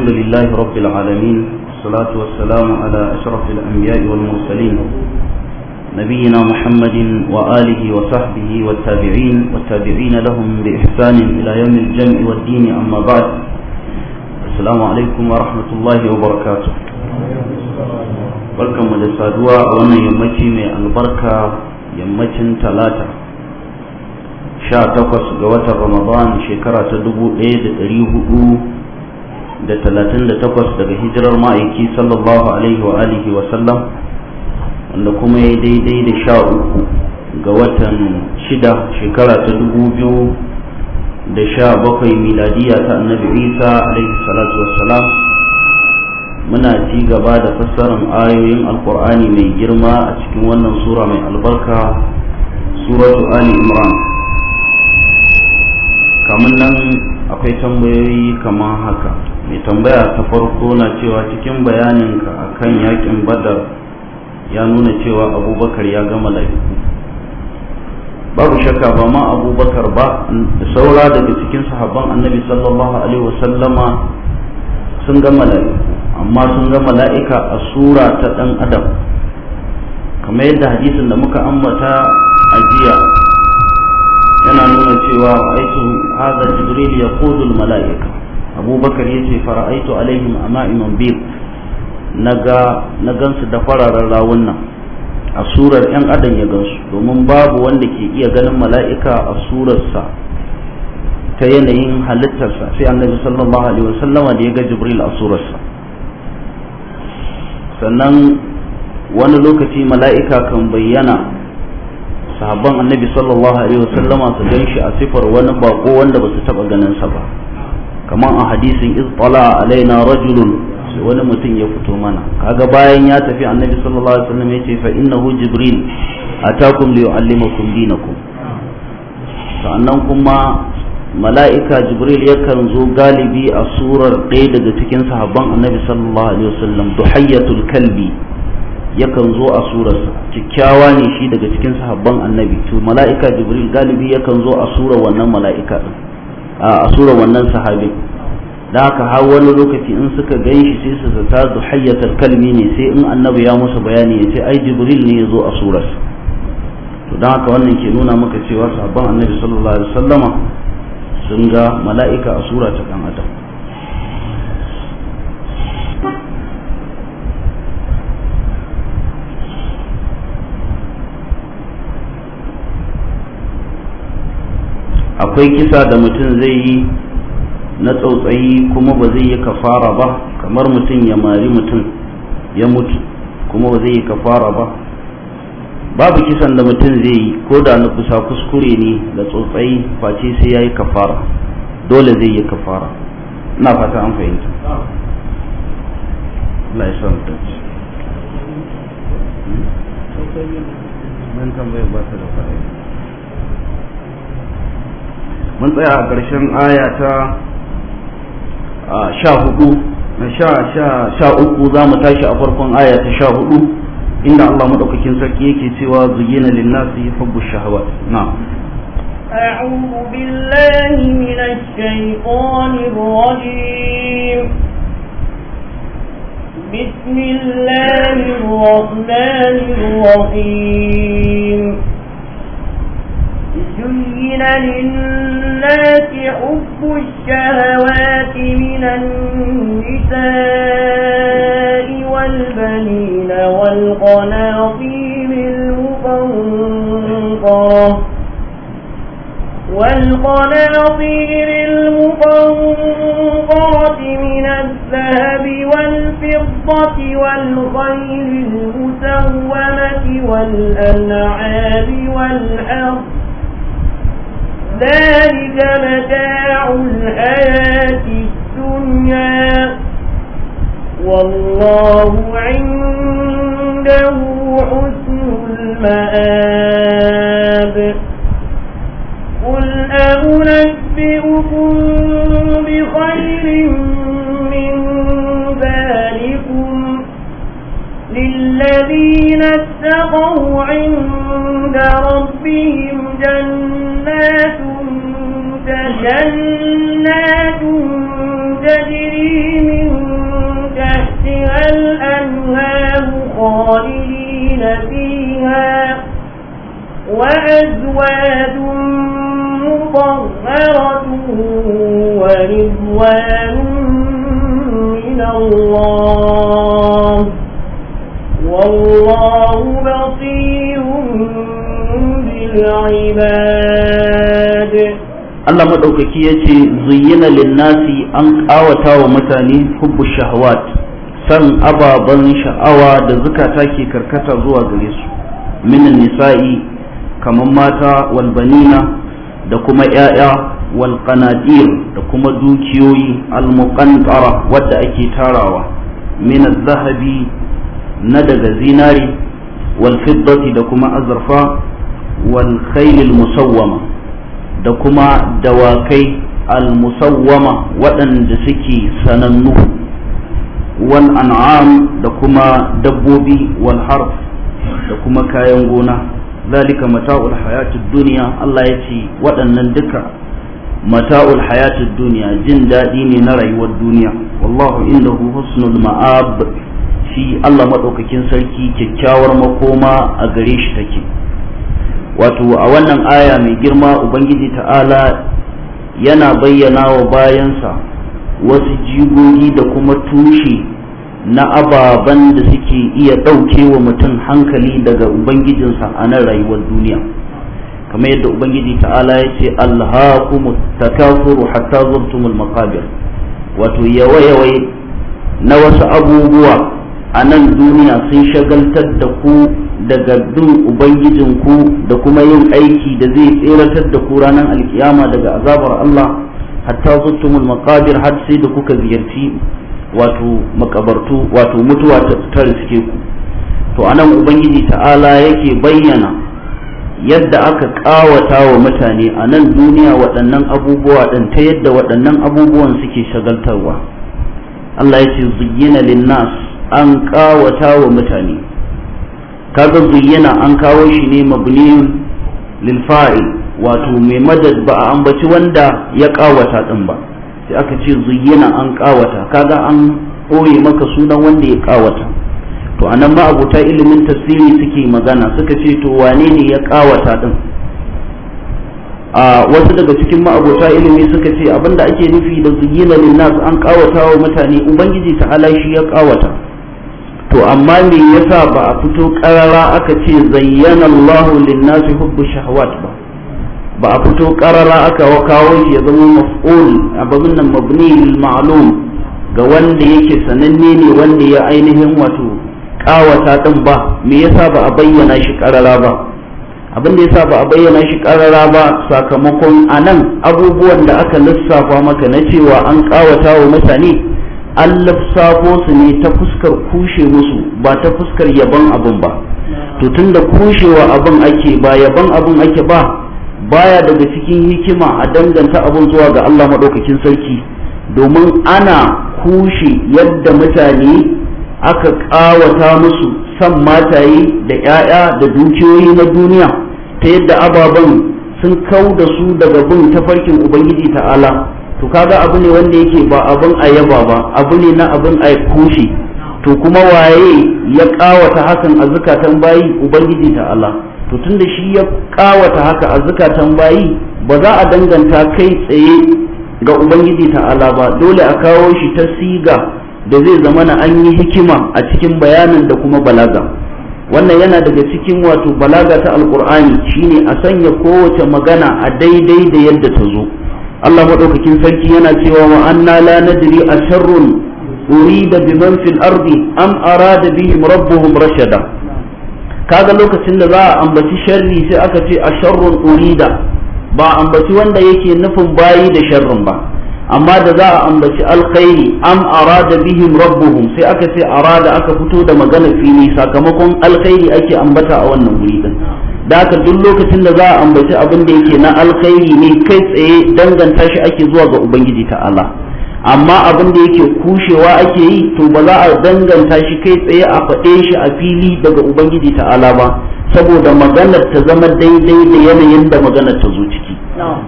الحمد لله رب العالمين والصلاة والسلام على أشرف الأنبياء والمرسلين نبينا محمد وآله وصحبه والتابعين والتابعين لهم بإحسان إلى يوم الجمع والدين أما بعد السلام عليكم ورحمة الله وبركاته barkanmu da saduwa a wannan yammaci mai albarka yammacin talata sha takwas ga watan ramadan shekara ta dubu ɗaya da ɗari hudu da talatin da takwas daga hijirar ma'aiki sallallahu alaihi wa alihi wa sallam wanda kuma ya daidai da sha uku ga watan shida shekara ta dubu biyu da sha bakwai miladiya ta annabi isa alaihi salatu salam muna ci gaba da fassarar ayoyin alkur'ani mai girma a cikin wannan sura mai albarka suratu ali imran kamun nan akwai tambayoyi kamar haka mai tambaya ta farko na cewa cikin bayaninka a kan yakin badar ya nuna cewa abubakar ya gama laifi babu shakka ba ma abubakar ba da saura daga cikin sahabban annabi sallallahu alaihi wasallama sun gama laifi amma sun ga mala'ika a sura ta ɗan adam kamar yadda hadisin da muka ambata a jiya yana nuna cewa aikin hada jibril ya mala'ika abubakar ya ce fara'aitu alaihim ama'iman bil na gansu da fararen rawun nan a surar 'yan adam ya gansu domin babu wanda ke iya ganin mala'ika a surarsa ta yanayin halittarsa sai annabi sallallahu alaihi wasallam da ya ga jibril a surarsa sannan wani lokaci mala'ika kan bayyana sahabban annabi sallallahu alaihi wasallama su gan shi a sifar wani bako wanda ba su taɓa ganinsa ba kamar a hadisin iztala alaina rajulun wani mutum ya fito mana kaga bayan ya tafi annabi sallallahu alaihi wasallam yace fa innahu jibril atakum li yuallimakum dinakum sannan kuma mala'ika jibril yakan zo galibi a surar ɗaya daga cikin sahabban annabi sallallahu alaihi wasallam duhayyatul kalbi yakan zo a surarsa kyakkyawa ne shi daga cikin sahabban annabi to mala'ika jibril galibi yakan zo a surar wannan mala'ika din a surar wannan sahabi da haka har wani lokaci in suka shi sai su zata zuhayyatar kalmi ne sai in annabi ya musu bayani ya ce ai jibril ne ya zo a surar to da haka wannan ke nuna maka cewa sahabban annabi sallallahu alaihi wasallama sun ga mala'ika a sura ta ɗan adam akwai kisa da mutum zai yi na tsautsayi kuma ba zai yi kafara ba kamar mutum ya mari mutum ya mutu kuma ba zai yi kafara ba babu kisan da mutum zai yi ko da na kusa kuskure ne da tsautsayi face sai ya yi kafara dole zai yi kafara na fata an fahimta Allah ya hmm? ba ta da fara mun tsaya a ƙarshen aya ta sha hudu na sha uku za mu tashi a farkon aya ta sha hudu inda Allah maɗaukakin sarki yake cewa zuyina linnasi hubbu shahawat na أعوذ بالله من الشيطان الرجيم بسم الله الرحمن الرحيم زين للناس حب الشهوات من النساء والبنين والقناطير المقنطرة والقناطير المقنطرة من الذهب والفضة والخيل المسومة والأنعام والحرث ذلك متاع الحياة الدنيا والله عنده حسن المآب قل أنبئكم بخير من ذلكم للذين اتقوا عند ربهم جنات جنات تجري من تحتها الأنهار خالدين فيها وأزواج مطهرة ورضوان من الله والله بصير بالعباد Allah maɗaukaki ya ce zuyyina linnasi an ƙawata wa mutane hubbu shahawat san ababen sha'awa da zukata ke karkata zuwa gare su minan nisa'i kamar mata walbanina da kuma 'ya'ya walƙanadir da kuma dukiyoyi almuƙantara wadda ake tarawa minan zahabi na daga zinari walfiddati da kuma azurfa walkhailil musawwama da kuma dawakai almusawwama waɗanda suke sanannu wal an'am da kuma dabbobi wal harf da kuma kayan gona zalika mata'ul hayatid duniya Allah ya ce waɗannan duka mata'ul hayatid duniya jin daɗi ne na rayuwar duniya wallahu indahu husnul ma'ab shi Allah madaukakin sarki kyakkyawar makoma a gare shi take wato a wannan aya mai girma ubangiji ta'ala yana bayyana wa bayansa wasu jigogi da kuma tushe na ababen da suke iya ɗauke wa mutum hankali daga ubangijinsa a nan rayuwar duniya kamar yadda ubangiji ta'ala ya ce alhakumu takafuru hatta zurtumul maqabir wato yawai na wasu abubuwa a nan duniya sun shagaltar da ku daga bin ubangijinku da kuma yin aiki da zai tseratar da ku ranar alkiyama daga azabar Allah hatta zuttumul maqabir har sai da kuka ziyarci wato makabartu wato mutuwa ta riske ku to anan ubangiji ta'ala yake bayyana yadda aka kawata wa mutane a nan duniya waɗannan abubuwa ɗin ta yadda waɗannan abubuwan suke shagaltarwa Allah ya ce zuyyina lin nas an ƙawata wa mutane kaga bayyana an kawo shi ne mabniyun lil fa'il wato mai madad ba a ambaci wanda ya ƙawata din ba sai aka ce zuyyana an ƙawata kaga an ɓoye maka sunan wanda ya ƙawata to anan ma abota ilimin tafsiri suke magana suka ce to wane ne ya ƙawata din a wasu daga cikin ma'abota ilimi suka ce abinda ake nufi da zuyina nas an kawata wa mutane ubangiji ta shi ya kawata to amma me yasa ba a fito karara aka ce zayyana Allah linnasi hubbu shahawat ba ba a fito karara aka kawo shi ya zama maf'ul abin nan mabni lil ma'lum ga wanda yake sananne ne wanda ya ainihin wato kawata din ba me yasa ba a bayyana shi karara ba abin da yasa ba a bayyana shi karara ba sakamakon anan abubuwan da aka lissafa maka na cewa an kawata wa mutane an lafsafo su ne ta fuskar kushe musu ba ta fuskar yaban abin ba to tunda kushewa abin ake ba yaban abin ake ba baya daga cikin hikima a danganta abin zuwa ga Allah maɗaukakin sarki domin ana kushe yadda mutane aka ƙawata musu san mataye da 'ya'ya da dukiyoyi na duniya ta yadda ababen sun kau da su daga bin tafarkin ubangiji ta'ala to kaga abu ne wanda yake ba abin a yaba ba abu ne na abin a kushe to kuma waye ya kawata hakan a zukatan bayi ubangiji ta Allah to tunda shi ya kawata haka a zukatan bayi ba za a danganta kai tsaye ga ubangiji ta Allah ba dole a kawo shi ta siga da zai zama na an yi hikima a cikin bayanin da kuma balaga wannan yana daga cikin wato balaga ta alkur'ani shine a sanya kowace magana a daidai da yadda ta zo Allah madaukakin sarki yana cewa wa la nadri asharrun urida biman fil ardi am arada bihim rabbuhum rashada kaga lokacin da za a ambaci sharri sai aka ce sharrun urida ba ambaci wanda yake nufin bayi da sharrin ba amma da za a ambaci alkhairi am arada bihim rabbuhum sai aka ce arada aka fito da magana fili sakamakon alkhairi ake ambata a wannan wuri din da haka duk lokacin da za a ambaci abin da yake na alkhairi ne kai tsaye danganta shi ake zuwa ga ubangiji ta ta'ala amma abin da yake kushewa ake yi to ba za a danganta shi kai tsaye a faɗe shi a fili daga ubangiji ta ta'ala ba saboda maganar ta zama daidai da yanayin da maganar ta zo ciki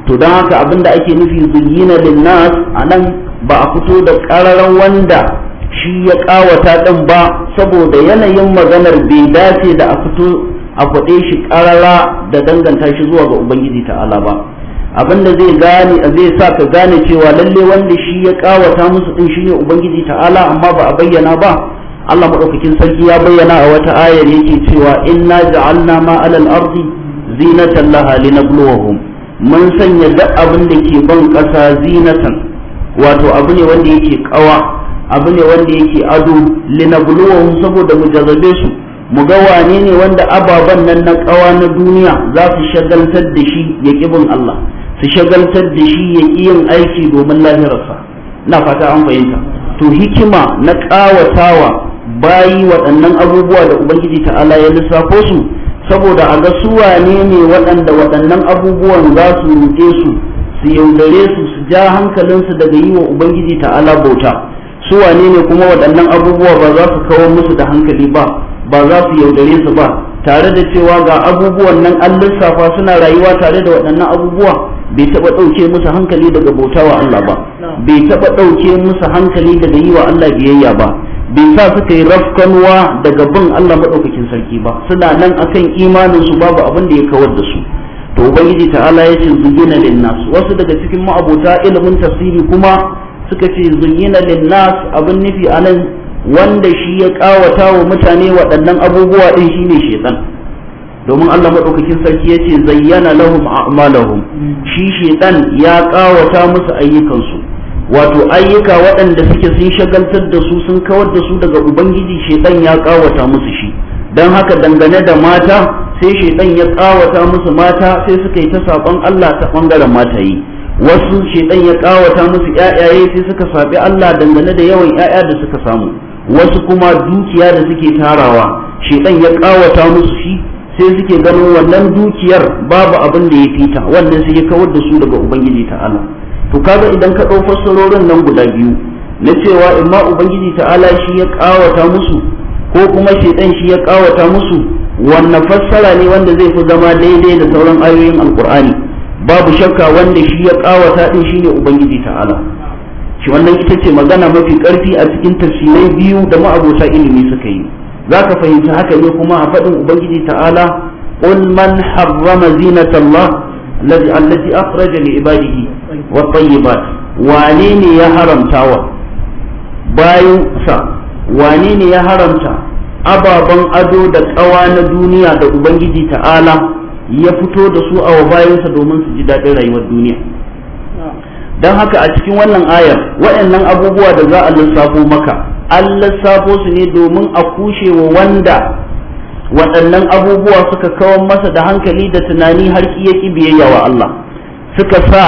to don haka abin da ake nufi zuyina linnas a nan ba a fito da ƙararan wanda shi ya ƙawata ɗin ba saboda yanayin maganar bai dace da a fito a faɗe shi ƙarara da danganta shi zuwa ga ubangiji ta'ala ba abinda zai gane zai sa ka gane cewa lalle wanda shi ya ƙawata musu din shine ubangiji ta'ala amma ba a bayyana ba Allah madaukakin sarki ya bayyana a wata ayar yake cewa inna ja'alna ma alal ardi zinatan laha linabluwahum mun sanya duk abin da ke ban ƙasa zinatan wato abu ne wanda yake ƙawa abu ne wanda yake ado linabluwahum saboda mu jazabe su mu ga wane ne wanda ababen nan na kawa na duniya za su shagaltar da shi ya kibin Allah su shagaltar da shi ya yin aiki domin lahirarsa na fata an fahimta to hikima na ƙawatawa bayi waɗannan abubuwa da ubangiji ta'ala ya lissafo su saboda a ga su wane ne waɗanda waɗannan abubuwan za su ruɗe su su yaudare su su ja hankalinsu daga yi wa ubangiji ta'ala bauta su wane ne kuma waɗannan abubuwa ba za su kawo musu da hankali ba ba za su yaudare su ba tare da cewa ga abubuwan nan an lissafa suna rayuwa tare da waɗannan abubuwa bai taɓa ɗauke musu hankali daga bautawa Allah ba bai taɓa ɗauke musu hankali daga yi wa Allah biyayya ba bai sa suka yi rafkanuwa daga bin Allah maɗaukakin sarki ba suna nan akan imanin su babu abin da ya kawar da su to ubangiji ta'ala ya ce zuyina linnas wasu daga cikin ma'abota ilimin tafsiri kuma suka ce zuyina linnas abin nufi anan wanda shi ya kawata wa mutane waɗannan abubuwa ɗin shine shaitan domin Allah maɗaukakin sarki ya ce zayyana lahum a'malahum shi shaitan ya kawata musu ayyukansu wato ayyuka waɗanda suke sun shagaltar da su sun kawar da su daga ubangiji shaitan ya kawata musu shi don haka dangane da mata sai shaitan ya kawata musu mata sai suka yi ta saɓon Allah ta ɓangaren mata yi wasu shaitan ya kawata musu yayaye sai suka saɓi Allah dangane da yawan 'ya'ya da suka samu wasu kuma dukiya da suke tarawa shedan ya kawata musu shi sai suke ganin wannan dukiyar babu abin da ya fita wannan sai ya kawar da su daga ubangiji ta'ala to kaga idan ka ɗau fassarorin nan guda biyu na cewa imma ubangiji ta'ala shi ya kawata musu ko kuma shedan shi ya kawata musu wanne fassara ne wanda zai fi zama daidai da sauran ayoyin alkur'ani babu shakka wanda shi ya kawata din shine ubangiji ta'ala shi wannan ita ce magana mafi ƙarfi a cikin tafsirai biyu da ma'abota ilimi suka yi za ka fahimci haka ne kuma a faɗin ubangiji ta'ala قل من حرم زينة الله التي أخرج لعباده والطيبات وانين يا هرم تاوى بايو سا وانين ababen ado da ƙawa na duniya da ubangiji ta'ala ya fito da su a bayansa domin su ji daɗin rayuwar duniya don haka a cikin wannan ayar waɗannan abubuwa da za a lissafo maka an lissafo su ne domin a kushe wa wanda waɗannan abubuwa suka kawo masa da hankali da tunani har iya ƙi biyayya wa Allah suka sa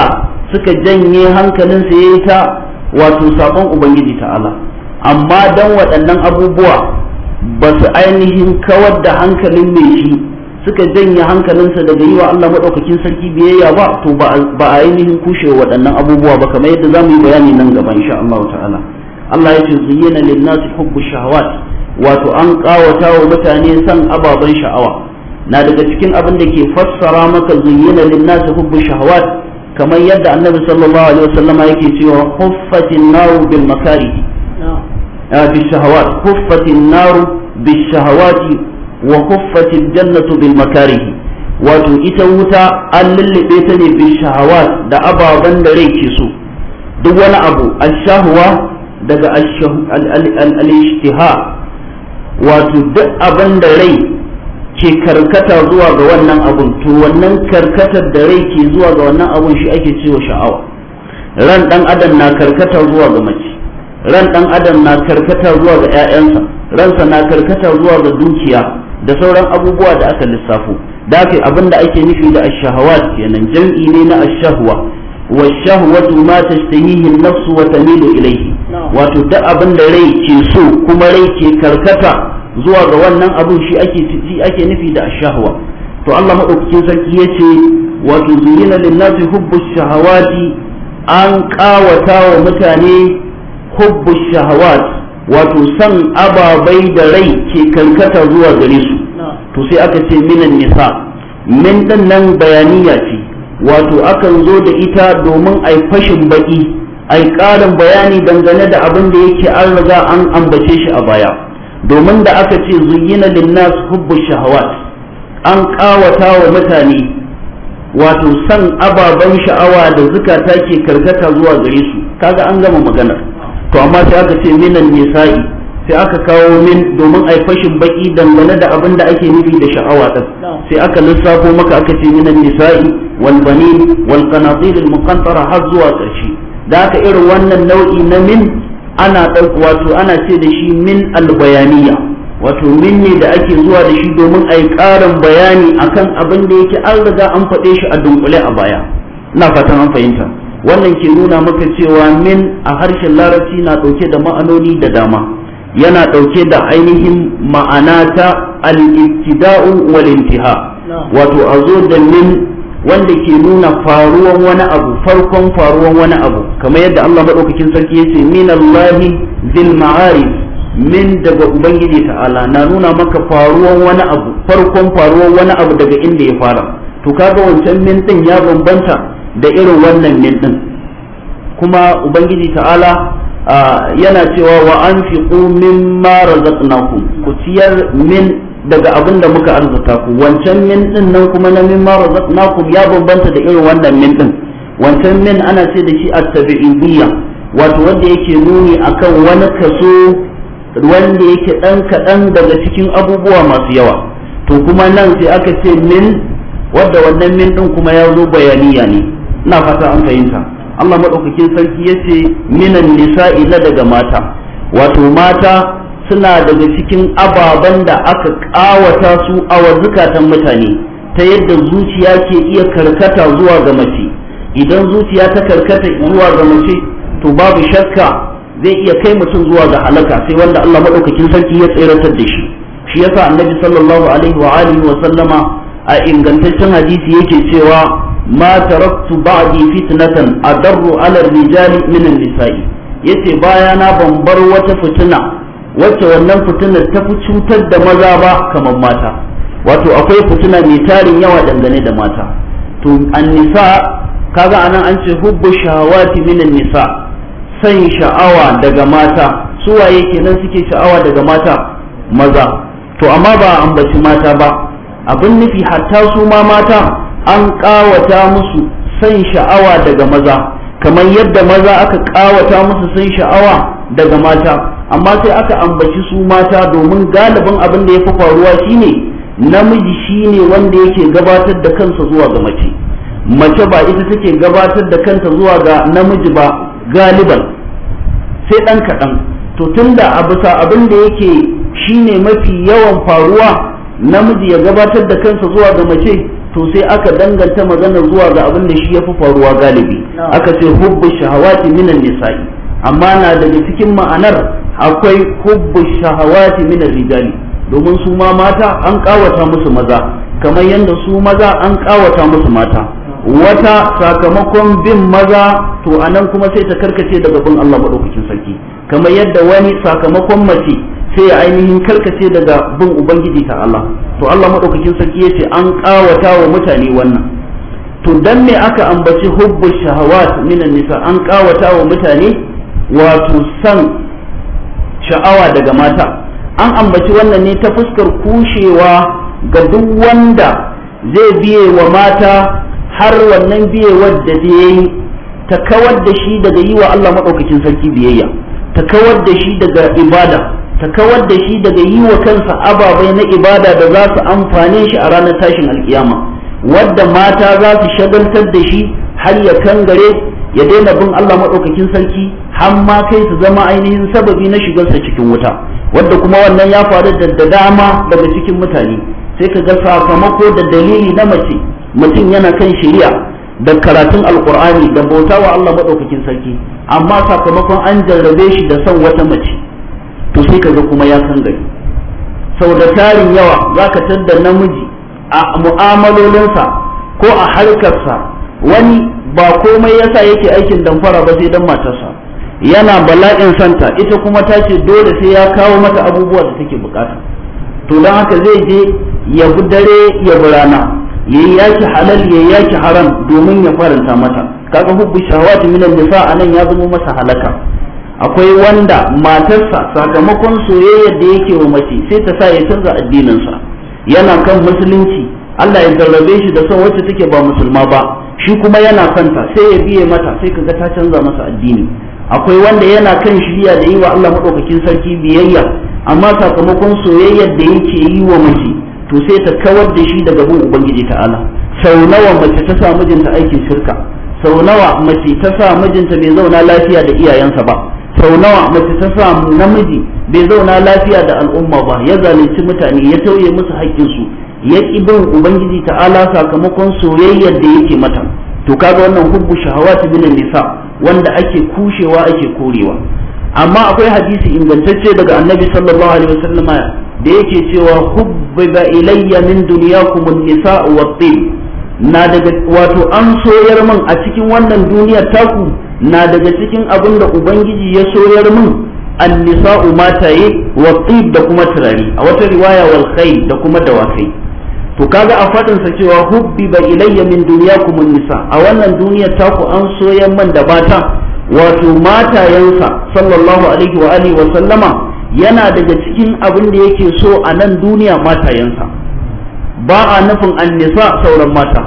suka janye hankalin ya ta wato sakon ubangiji ta'ala amma don waɗannan abubuwa ba su ainihin kawar da hankalin mai shi suka janye hankalinsa daga yi wa Allah maɗaukakin sarki biyayya ba to ba a ainihin kushe waɗannan abubuwa ba kamar yadda za mu yi bayani nan gaba insha Allah ta'ala Allah ya ce zuyyana linnasi hubbu shahawat wato an ƙawata wa mutane san ababan sha'awa na daga cikin abin da ke fassara maka zuyyana linnasi hubbu shahawat kamar yadda annabi sallallahu alaihi wasallam yake cewa huffatin naru bil makari ah, bi shahawat huffatin naru bi shahawati wa kuffatil jannatu bil makarihi wato ita wuta an lullube ta ne bil shahawat da ababan da rai ke so duk wani abu ash-shahwa daga al-ishtiha wato duk abin da rai ke karkata zuwa ga wannan abun to wannan karkatar da rai ke zuwa ga wannan abun shi ake cewa sha'awa ran dan adam na karkata zuwa ga mace ran dan adam na karkata zuwa ga ƴaƴansa ransa na karkata zuwa ga dukiya da sauran abubuwa da aka lissafo da kai abin da ake nufi da ashahawat kenan jam'i ne na ashahwa wa shahwatu ma tashtahihi an-nafsu wa tamilu ilayhi wato da abin da rai ke so kuma rai ke karkata zuwa ga wannan abin shi ake ake nufi da ashahwa to Allah madaukakin sarki yace wato zuyina lin hubbu shahawati an kawata wa mutane hubbu shahawat wato san ababai da rai ke karkata zuwa gare su to sai aka ce minan nisa min nan bayaniya ce wato akan zo da ita domin ai fashin baki ai karin bayani dangane da abin da yake an riga an ambace shi a baya domin da aka ce zuyyina linnas hubbu shahawat an ƙawata wa mutane wato san ababen sha'awa da zukata ke karkata zuwa gare su kaga an gama maganar to amma sai aka ce minan nisa'i sai aka kawo min domin ai fashin baki dangane da abin da ake nufi da sha'awa din sai aka lissafo maka aka ce minan nisa'i wal banin wal qanatir al muqantara har zuwa ƙarshe da aka irin wannan nau'i na min ana wato ana ce da shi min al bayaniya wato min ne da ake zuwa da shi domin yi ƙarin bayani akan abin da yake an riga an faɗe shi a dunkule a baya ina fatan an fahimta wannan ke nuna maka cewa min a harshen larabci na ɗauke da ma'anoni da dama yana ɗauke da ainihin ma'ana ta al-ibtida'u wato a zo da min wanda ke nuna faruwan wani abu farkon faruwan wani abu kamar yadda Allah madaukakin sarki yace minallahi minallahi zil ma'arif min daga ubangiji ta'ala na nuna maka faruwan wani abu farkon faruwan wani abu daga inda ya fara to kaga wancan min din ya bambanta da irin wannan min din kuma ubangiji ta'ala yana cewa wa anfiqu mimma razaqnakum ku ciyar min daga abin da muka arzuta ku wancan min din nan kuma na mimma razaqnakum ya bambanta da irin wannan min ɗin wancan min ana ce da shi at-tabi'iyya wato wanda yake nuni akan wani kaso wanda yake ɗan kaɗan daga cikin abubuwa masu yawa to kuma nan sai aka ce min wadda wannan min ɗin kuma ya zo bayaniya ne ina fata an fahimta Allah maɗaukakin sarki yace minan nisa'i na daga mata wato mata suna daga cikin ababen da aka ƙawata su a wazukatan mutane ta yadda zuciya ke iya karkata zuwa ga mace idan zuciya ta karkata zuwa ga mace to babu shakka zai iya kai mutum zuwa ga halaka sai wanda Allah maɗaukakin sarki ya tseratar da shi shi yasa annabi sallallahu alaihi wa alihi wa sallama a ingantaccen hadisi yake cewa ما تركت بعدي fitnatan adarru على الرجال من النساء yace baya na ban bar wata fitina wacce wannan fitina ta fi cutar da maza ba kamar mata wato akwai fitina mai tarin yawa dangane da mata to annisa kaga anan an ce hubbu shawati min nisa san sha'awa daga mata Su waye kenan suke sha'awa daga mata maza to amma ba ambaci mata ba abin nufi hatta su ma mata an ƙawata musu san sha'awa daga maza kamar yadda maza aka ƙawata musu san sha'awa daga mata amma sai aka ambaci su mata domin galibin abin da ya fi faruwa shine namiji shine wanda yake gabatar da kansa zuwa ga mace mace ba ita take gabatar da kanta zuwa ga namiji ba galiban sai ɗan kaɗan to tunda a bisa abin da yake shine mafi yawan faruwa namiji ya gabatar da kansa zuwa ga mace to sai aka danganta magana zuwa ga abin da shi ya fi faruwa galibi aka ce hubbu shahawati minan nisa'i amma na daga cikin ma'anar akwai hubbu shahawati minan rijali domin su ma mata an kawata musu maza kamar yadda su maza an kawata musu mata wata sakamakon bin maza to anan kuma sai ta karkace daga bin Allah madaukakin sarki kamar yadda wani sakamakon mace sai ya ainihin karkace daga bin ubangiji ta Allah to Allah madaukakin sarki yace an kawata wa mutane wannan to dan me aka ambaci hubbu shahawat minan nisa an kawata wa mutane wato san sha'awa daga mata an ambaci wannan ne ta fuskar kushewa ga duk wanda zai biye wa mata har wannan biye da zai ta kawar da shi daga yi wa Allah madaukakin sarki biyayya ta kawar da shi daga ibada ka kawar da shi daga yi wa kansa ababai na ibada da za su amfane shi a ranar tashin alkiyama wadda mata za su shagaltar da shi har ya kangare ya daina bin Allah maɗaukakin sarki har ma kai su zama ainihin sababi na shigarsa cikin wuta wadda kuma wannan ya faru da dama daga cikin mutane sai ka ga sakamako da dalili na mace mutum yana kan shari'a da karatun alkur'ani da bautawa Allah maɗaukakin sarki amma sakamakon an jarrabe shi da son wata mace sai kaga kuma ya san gari sau da tarin yawa za ka tadda namiji a mu'amalolinsa ko a harkarsa wani ba komai yasa yake aikin damfara ba sai dan matarsa yana bala'in santa ita kuma ta ce dole sai ya kawo mata abubuwa da take bukata to don haka zai je ya dare ya bi rana ya yi yaki halal ya yi yaki haram domin ya faranta mata kaga hubbu shahawati minan nisa anan ya zama masa halaka akwai wanda matarsa sakamakon soyayya da yake wa mace sai ta sa ya canza addininsa yana kan musulunci Allah ya jarrabe shi da son wacce take ba musulma ba shi kuma yana kanta sai ya biye mata sai kaga ta canza masa addini akwai wanda yana kan shirya da yi wa Allah madaukakin sarki biyayya amma sakamakon soyayyar da yake yi wa mace to sai ta kawar da shi daga bin ubangiji ta'ala sau nawa mace ta sa mijinta aikin shirka sau nawa mace ta sa mijinta bai zauna lafiya da iyayensa ba sau nawa mace ta samu namiji bai zauna lafiya da al'umma ba ya zalunci mutane ya tauye musu haƙƙinsu ya ƙi bin ubangiji ta'ala sakamakon soyayyar da yake mata to kaga wannan hubbu shahawati bin nisa wanda ake kushewa ake korewa amma akwai hadisi ingantacce daga annabi sallallahu alaihi wasallama da yake cewa hubbiba ilayya min dunyakum an-nisa wa at na daga wato an soyar min a cikin wannan duniya taku na daga cikin abin da ubangiji ya soyar min annisa'u mataye wa qib da kuma turare a wata riwaya wal khayl da kuma dawakai to kaga a fadin sa cewa hubbi ba ilayya min dunyakum nisa a wannan duniya taku an soyar min da bata wato matayensa sallallahu alaihi wa alihi wa sallama yana daga cikin abin da yake so a nan duniya matayensa ba a nufin an nisa sauran mata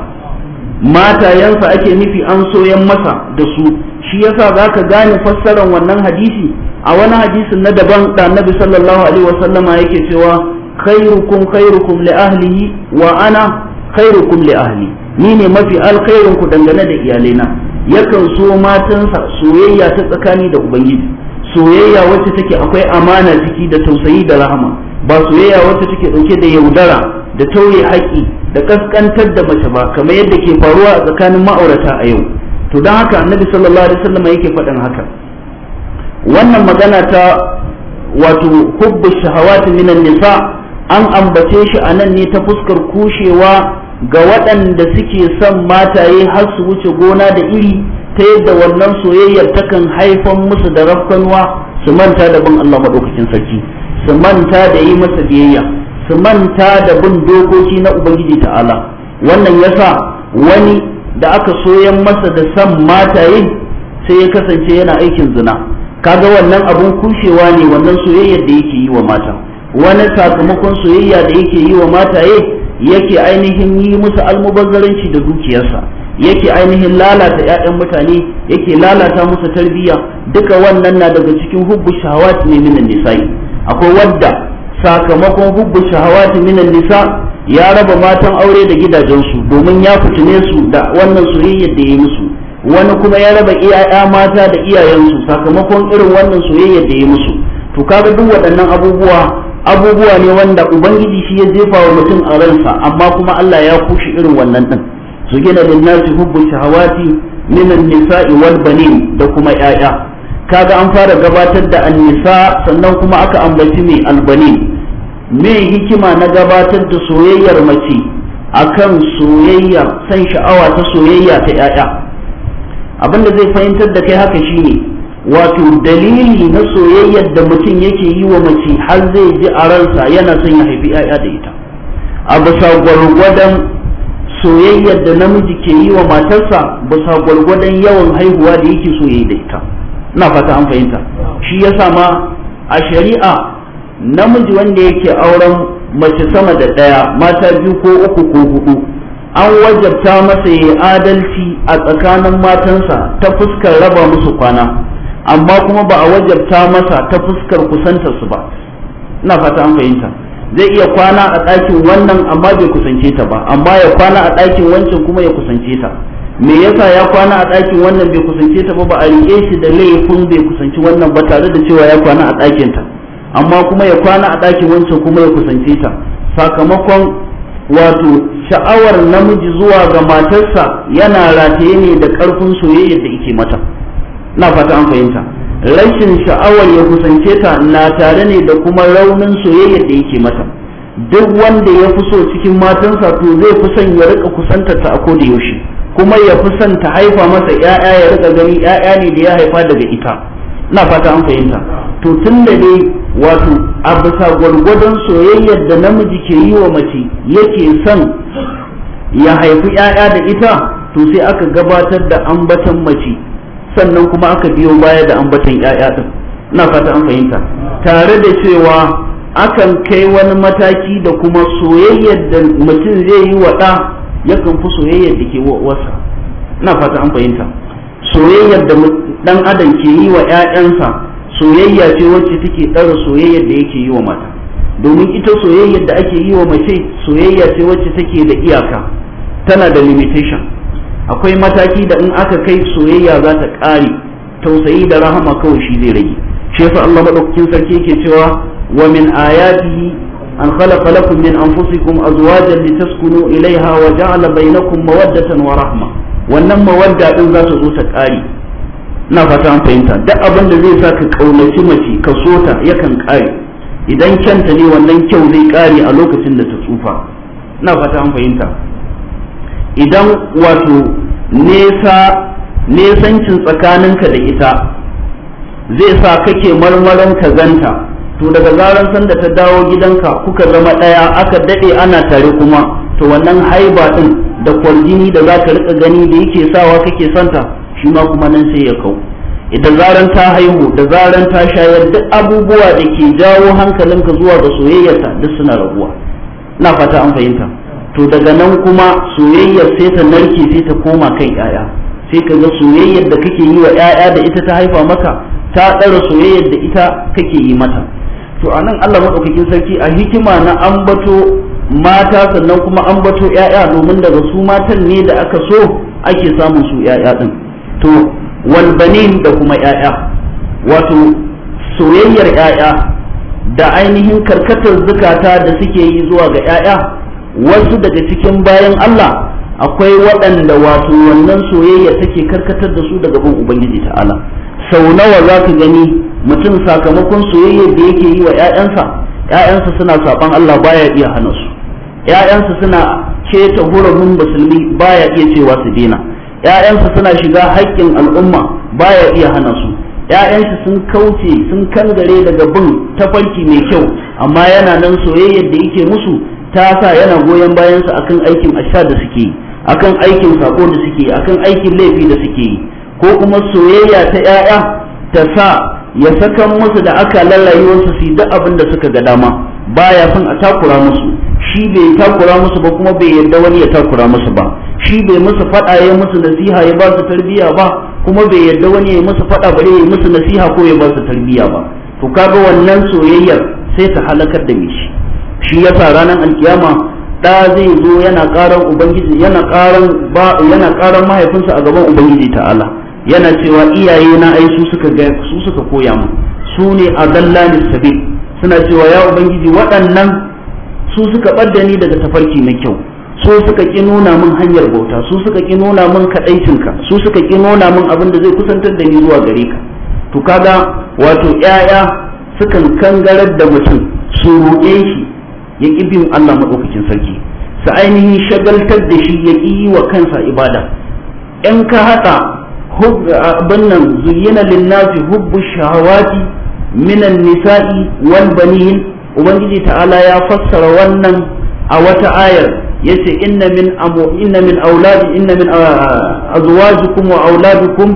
matayensa ake nufi an soyan masa da su shi yasa ka gane fassarar wannan hadisi a wani hadisin na daban da annabi sallallahu alaihi wasallama yake cewa khairukum khairukum li ahlihi wa ana khairukum li ahli ni ne mafi alkhairin ku dangane da iyalaina yakan so matansa soyayya ta tsakani da ubangiji soyayya wacce take akwai amana ciki da tausayi da rahama ba soyayya wacce take dauke da yaudara da tauye haƙi da kaskantar da mace ba kamar yadda ke faruwa a tsakanin ma'aurata a yau to don haka annabi sallallahu alaihi wasallam yake faɗin haka wannan magana ta wato hubbu shahawat minan nisa an ambace shi a nan ne ta fuskar kushewa ga waɗanda suke son mataye har su wuce gona da iri ta yadda wannan soyayyar takan haifan musu da rafkanuwa su manta da bin Allah maɗaukakin sarki su manta da yi masa biyayya su manta da bin dokoki na ubangiji ta'ala wannan yasa wani da aka soyan masa da san mataye sai ya kasance yana aikin zina kaga wannan abun kushewa ne wannan soyayyar da yake yi wa mata wani sakamakon soyayya da yake yi wa mataye yake ainihin yi musu almubazzaranci da dukiyarsa yake ainihin lalata 'ya'yan mutane yake lalata musu tarbiyya duka wannan na daga cikin hubbu shahawat ne minan nisa'i akwai wadda sakamakon hubbu shahawati minan nisa ya raba matan aure da gidajensu domin ya fitine su da wannan soyayyar da ya musu wani kuma ya raba iyaya mata da iyayensu sakamakon irin wannan soyayyar da ya musu to kaga duk waɗannan abubuwa abubuwa ne wanda ubangiji shi ya jefa wa mutum a ransa amma kuma Allah ya kushi irin wannan din su gina nasi hubbu shahawati minan nisa'i wal banin da kuma 'ya'ya. kaga an fara gabatar da annisa sannan kuma aka ambaci mai albani me hikima na gabatar da soyayyar mace akan soyayya san sha'awa ta soyayya ta yaya Abin da zai fahimtar da kai haka shine wato dalili na soyayyar da mutum yake yi wa mace har zai ji a ransa yana son ya haifi yaya da ita a bisa gwargwadon soyayyar da namiji ke yi wa matarsa bisa gwargwadon yawan haihuwa da yake soyayya da ita ina fata an fahimta shi yasa ma a shari'a namiji wanda yake auren mace sama da ɗaya mata biyu ko uku ko hudu an wajabta masa ya adalci a tsakanin matansa ta fuskar raba musu kwana amma kuma ba a wajabta masa ta fuskar kusantar su ba ina fata an fahimta zai iya kwana a ɗakin wannan amma bai kusance ta ba amma ya kwana a ɗakin wancan kuma ya kusance ta me yasa ya kwana a ɗakin wannan bai kusance ta ba ba a rike shi da laifin bai kusanci wannan ba tare da cewa ya kwana a ɗakin ta amma kuma ya kwana a ɗakin wancan kuma ya kusance ta sakamakon wato sha'awar namiji zuwa ga matarsa yana rataye ne da ƙarfin soyayyar da yake mata na fata an fahimta rashin sha'awar ya kusance ta na tare ne da kuma raunin soyayyar da yake mata duk wanda ya fi so cikin matansa to zai fi son ya rika kusantar ta a koda yaushe kuma ya fi son ta haifa masa 'ya'ya ya rika gani 'ya'ya ne da ya haifa daga ita ina fata an fahimta to tun da dai wato a bisa gwargwadon soyayyar da namiji ke yi wa mace yake son ya haifi 'ya'ya da ita to sai aka gabatar da ambatan mace sannan kuma aka biyo baya da ambatan ƴaƴa din ina fata an fahimta tare da cewa akan kai wani mataki da kuma soyayyar da mutum zai yi wa ɗa yakan fi soyayyar da ke wasa ina fata an fahimta soyayyar da dan adam ke yi wa ƴaƴansa soyayya ce wacce take ɗara soyayyar da yake yi wa mata domin ita soyayyar da ake yi wa mace soyayya ce wacce take da iyaka tana da limitation akwai mataki da in aka kai soyayya za ta ƙare tausayi da rahama kawai shi zai rage shi yasa Allah madaukakin sarki yake cewa wa min ayatihi أن خلق لكم من أنفسكم أزواجا لتسكنوا إليها وجعل بينكم مودة ورحمة wannan mawadda din za su zo ta ƙari na fata an fahimta duk abin da zai sa ka kaunaci mace ka so ta yakan ƙare idan kyanta ne wannan kyau zai ƙare a lokacin da ta tsufa na fata an fahimta idan wato nesa nesancin tsakaninka da ita zai sa kake marmaron ka zanta to daga zaran sanda ta dawo gidanka kuka zama ɗaya aka daɗe ana tare kuma to wannan haiba ɗin da kwaljini da za ka rika gani da yake sawa kake santa shi ma kuma nan sai ya kau idan zaran ta haihu da zaran ta shayar duk abubuwa da ke jawo hankalinka zuwa ga soyayyarta duk suna raguwa na fata an fahimta to daga nan kuma soyayyar sai ta narke sai ta koma kan 'ya'ya sai ka ga soyayyar da kake yi wa 'ya'ya da ita ta haifa maka ta ɗara soyayyar da ita kake yi mata to anan Allah madaukakin sarki a hikima na ambato mata sannan kuma ambato 'ya'ya domin daga su matan ne da aka so ake samun su 'ya'ya din to wal da kuma 'ya'ya wato soyayyar 'ya'ya da ainihin karkatar zukata da suke yi zuwa ga 'ya'ya wasu daga cikin bayan Allah akwai waɗanda wato wannan soyayya take karkatar da su daga ubangiji ta'ala sau nawa za ka gani mutum sakamakon soyayyar da yake yi wa ƴaƴansa 'ya'yansa suna saban Allah baya iya hana su ƴaƴansa suna keta hurumin musulmi baya iya cewa su dina 'ya'yansa suna shiga haƙƙin al'umma baya iya hana su 'ya'yansa sun kauce sun kangare daga bin tafarki mai kyau amma yana nan soyayyar da yake musu ta sa yana goyon bayansa akan aikin asha da suke yi akan aikin sako da suke yi akan aikin laifi da suke yi ko kuma soyayya ta ƴaƴa ta sa ya sakan musu da aka lalaye wasu su duk abin da suka ga dama baya son a takura musu shi bai takura musu ba kuma bai yarda wani ya takura musu ba shi bai musu fada ya musu nasiha ya ba su tarbiya ba kuma bai yarda wani ya musu fada bare ya musu nasiha ko ya ba su tarbiya ba to kaga wannan soyayyar sai ta halakar da mishi shi yasa ranar alkiyama da zai zo yana karan ubangiji yana karan ba yana karan mahaifinsa a gaban ubangiji ta'ala yana cewa iyaye na ai su suka ga su suka koya mu su ne a adallani sabil suna cewa ya ubangiji waɗannan su suka ɓadda ni daga tafarki na kyau su suka ki nuna min hanyar bauta su suka ki nuna min ka su suka ki nuna min abin da zai kusantar da ni zuwa gare ka to kaga wato ƴaƴa sukan kangarar da mutum su ruɗe shi ya ƙi bin Allah maɗaukakin sarki su ainihin shagaltar da shi ya ƙi yi wa kansa ibada in ka haɗa abin nan zuyyina linnasi hubbu shahawati minan nisa'i wal banin ubangiji ta'ala ya fassara wannan a wata ayar yace inna min amu inna min auladi inna min ah, azwajikum wa auladukum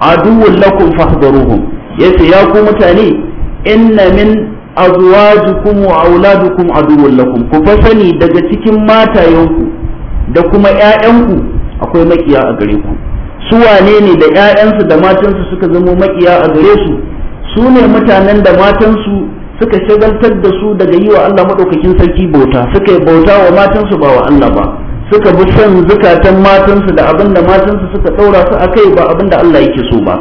aduwwun lakum fahdharuhum yace ya ku mutane inna min azwajukum wa auladukum aduwwun lakum ku fa sani daga cikin matayenku da kuma ƴaƴanku akwai makiya a gare ku su wane ne da 'ya'yansu da matansu suka zama makiya a gare su su ne mutanen da matansu suka shagaltar da su daga yi wa Allah maɗaukakin sarki bauta suka yi bauta wa matansu ba wa Allah ba suka bi son zukatan matansu da abin da matansu suka ɗaura su a kai ba abin da Allah yake so ba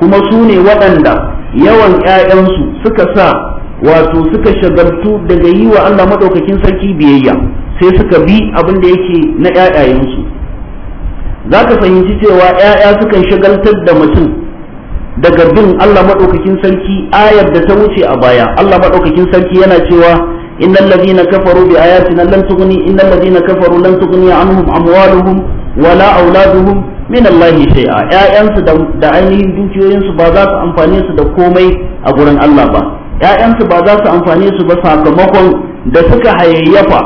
kuma su ne waɗanda yawan 'ya'yansu suka sa wato suka shagaltu daga yi wa Allah maɗaukakin sarki biyayya sai suka bi abin da yake na 'ya'yayensu za ka fahimci cewa 'ya'ya sukan shagaltar da mutum daga bin Allah maɗaukakin sarki ayar da ta wuce a baya Allah maɗaukakin sarki yana cewa innal ladina kafaru bi ayatina lan tughni innal ladina kafaru lan tughni anhum amwaluhum wala auladuhum min Allah shay'a 'ya'yansu da ainihin dukiyoyinsu ba za su amfane su da komai a gurin Allah ba 'ya'yansu ba za su amfane su ba sakamakon da suka hayayyafa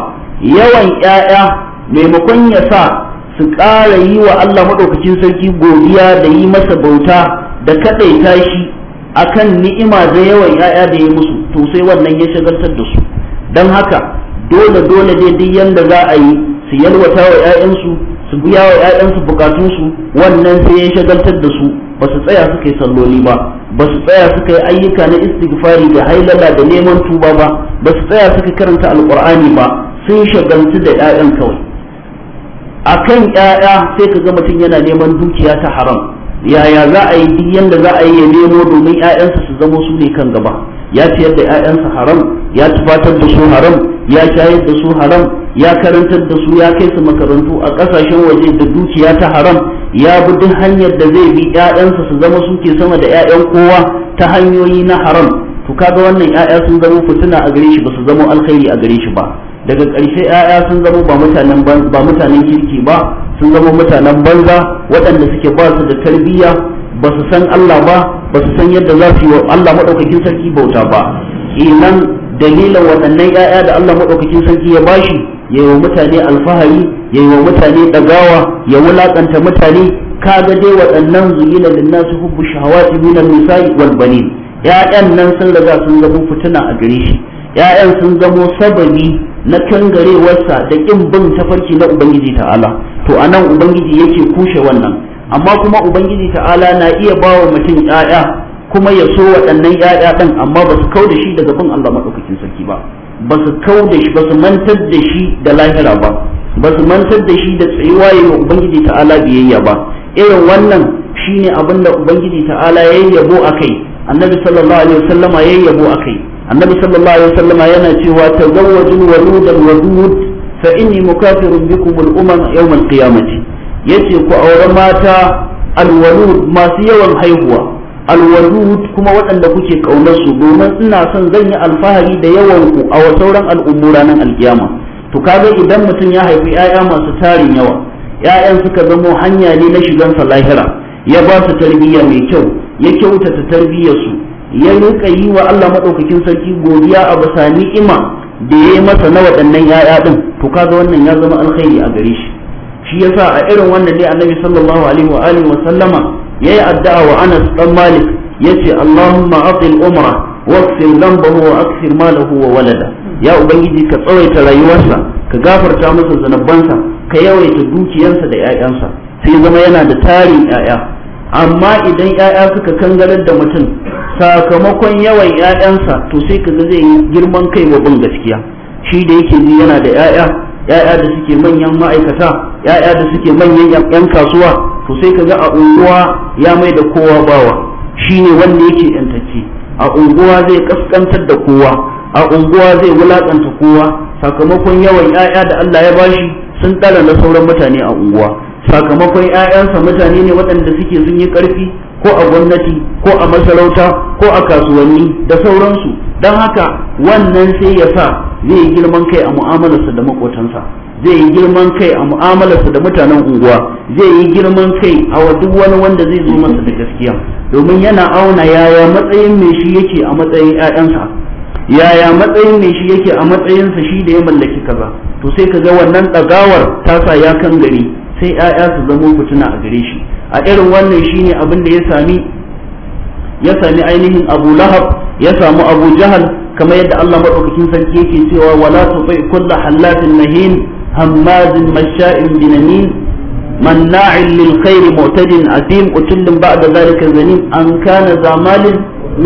yawan 'ya'ya maimakon ya sa su ƙara yi wa Allah maɗaukacin sarki godiya da yi masa bauta da kaɗaita shi kan ni'ima da yawan ‘ya'ya da ya musu to sai wannan ya shagaltar da su don haka dole dole dai duk yanda za a yi su yalwata wa ‘ya'yansu su biya wa ‘ya'yansu bukatunsu wannan sai ya shagaltar da su ba su tsaya suka yi salloli ba ba su tsaya suka yi ayyuka na istighfari da hailala da neman tuba ba ba su tsaya suka karanta al'kur'ani ba sun shagaltu da ‘ya'yan kawai a kan ƴaƴa sai ka ga mutum yana neman dukiya ta haram yaya za a yi duk yanda za a yi ya nemo domin ƴaƴansa su zama su ne kan gaba ya ciyar da ƴaƴansa haram ya tubatar da su haram ya shayar da su haram ya karantar da su ya kai su makarantu a ƙasashen waje da dukiya ta haram ya bi duk hanyar da zai bi ƴaƴansa su zama su ke sama da ƴaƴan kowa ta hanyoyi na haram to kaga wannan ƴaƴa sun zama fitina a gare shi ba su zama alkhairi a gare shi ba daga ƙarshe 'ya'ya sun zama ba mutanen kirki ba sun zama mutanen banza waɗanda suke ba su da tarbiyya ba su san Allah ba ba su san yadda za su yi wa Allah maɗaukakin sarki bauta ba kenan dalilan waɗannan 'ya'ya da Allah maɗaukakin sarki ya bashi ya yi wa mutane alfahari ya yi wa mutane ɗagawa ya wulaƙanta mutane kaga dai waɗannan zuyina su hubbu shahawati minan nisa'i wal banin 'ya'yan nan sun riga sun zama fituna a gare shi 'ya'yan sun zamo sababi na kangarewarsa da ƙin bin tafarki na ubangiji ta'ala to anan ubangiji yake kushe wannan amma kuma ubangiji ta'ala na iya ba wa mutum yaya kuma ya so waɗannan yaya ɗin amma ba su kau da shi daga bin Allah maɗaukakin sarki ba ba su kau da shi ba su mantar da shi da lahira ba ba su mantar da shi da tsayuwa ya wa ubangiji ta'ala biyayya ba irin wannan shine abin da ubangiji ta'ala ya yabo a kai annabi sallallahu alaihi wasallama ya yabo a kai annabi sallallahu alaihi wasallam yana cewa tazawwaju waludan wadud fa inni mukafirun bikum al-umam yawm al-qiyamati yace ku aure mata alwalud masu yawan haihuwa alwalud kuma waɗanda kuke ƙaunar su domin ina son zan yi alfahari da yawan ku a sauran al'ummu ranar alkiyama to kaga idan mutum ya haifi 'ya'ya masu tarin yawa 'ya'yan suka zamo hanya ne na shigan lahira ya ba tarbiyya mai kyau ya kyautata tarbiyyarsu ya rika yi wa Allah madaukakin sarki godiya a bisa ni'ima da ya yi masa na waɗannan yaya ɗin to kaga wannan ya zama alkhairi a gare shi shi yasa a irin wannan ne annabi sallallahu alaihi wa alihi wa sallama yayi addu'a wa Anas dan Malik yace Allahumma atil umra waqfir dhanbahu wa akthir malahu wa walada ya ubangiji ka tsawaita rayuwarsa ka gafarta masa zanabansa ka yawaita dukiyarsa da 'ya'yansa sai zama yana da tarin 'ya'ya amma idan 'ya'ya suka kangarar da mutum sakamakon yawan 'ya'yansa, to sai ga zai yi girman kai wa bin gaskiya shi da yake ji yana da 'ya'ya, 'ya'ya da suke manyan ma'aikata 'ya'ya da suke manyan ƴan kasuwa to sai ka ga a unguwa ya mai da kowa bawa shi ne wanda yake ƴantacce a unguwa zai kaskantar da kowa a unguwa zai wulaƙanta kowa sakamakon yawan 'ya'ya da Allah ya bashi sun ɗara na sauran mutane a unguwa sakamakon 'ya'yansa mutane ne waɗanda suke sun yi ƙarfi ko a gwamnati ko a masarauta ko a kasuwanni da sauransu don haka wannan sai ya sa zai yi girman kai a mu'amalarsa da makotansa zai yi girman kai a mu'amalarsa da mutanen unguwa zai yi girman kai a duk wani wanda zai zo masa da gaskiya domin yana auna yaya matsayin mai shi yake a matsayin ƴaƴansa, yaya matsayin mai shi yake a matsayinsa shi da ya mallaki kaza to sai ka ga wannan ɗagawar ta sa ya kan gari sai ƴaƴa su zama fituna a gare shi a irin wannan shine abin da ya sami ya sami ainihin Abu Lahab ya samu Abu Jahal kamar yadda Allah madaukakin sarki yake cewa wala tuti kullu hallatin mahin hammazin masha'in binamin manna'in lil khairi mu'tadin azim utillin ba'da zalika zanin an kana zamalin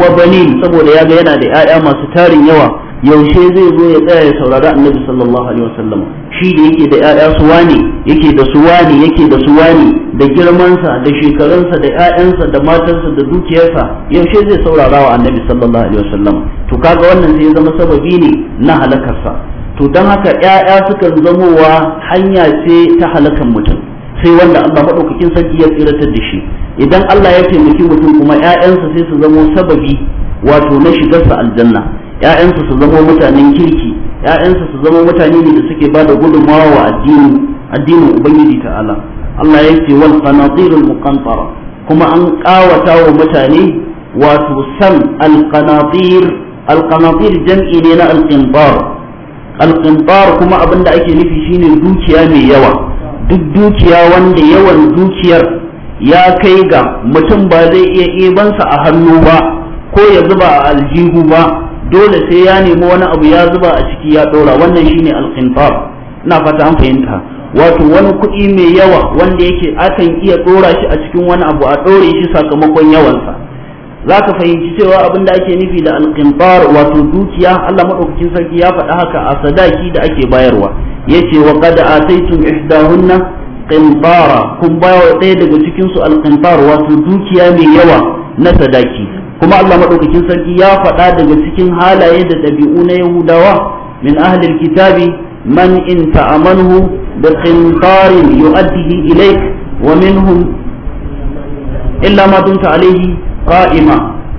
wa banin saboda ga yana da ƴaƴa masu tarin yawa yaushe zai zo ya tsaya ya saurari annabi sallallahu alaihi wasallam shi da yake da ƴaƴa su wani yake da su wani yake da su wani da girmansa da shekarunsa da ƴaƴansa da sa da dukiyarsa yaushe zai saurara wa annabi sallallahu alaihi wasallam to kaga wannan zai zama sababi ne na halakarsa to dan haka ƴaƴa sukan zamowa hanya ce ta halakan mutum sai wanda Allah madaukakin sarki ya tsiratar da shi idan Allah ya taimaki mutum kuma ƴaƴansa sai su zamo sababi wato na shigarsa aljanna 'ya'yansu su zama mutanen kirki ‘ya'yansu su zama mutane ne da suke ba da gudunmawa wa addini addinin ubangiji ta'ala Allah ya ce wal qanatirul muqantara kuma an kawata wa mutane wato san al qanatir al qanatir jam'i ne na al qintar al qintar kuma abinda ake nufi shine dukiya mai yawa duk dukiya wanda yawan dukiyar ya kai ga mutum ba zai iya ibansa a hannu ba ko ya zuba a aljihu ba dole sai ya nemi wani abu ya zuba a ciki ya ɗora wannan shine al-qinfar ina fata an fahimta wato wani kuɗi mai yawa wanda yake akan iya dora shi a cikin wani abu a ɗore shi sakamakon yawansa za ka fahimci cewa abin da ake nufi da alƙintar wato dukiya Allah maɗaukakin sarki ya faɗa haka a sadaki da ake bayarwa ya ce wa kada a ihdahunna ƙintara kun bayar ɗaya daga cikinsu alkimbar wato dukiya mai yawa na sadaki kuma Allah madaukakin sarki ya faɗa daga cikin halaye da ɗabi'u na Yahudawa min ahlil kitabi man in ta'amanhu bi qintarin yu'addihi ilayk wa minhum illa ma dumta alayhi qa'ima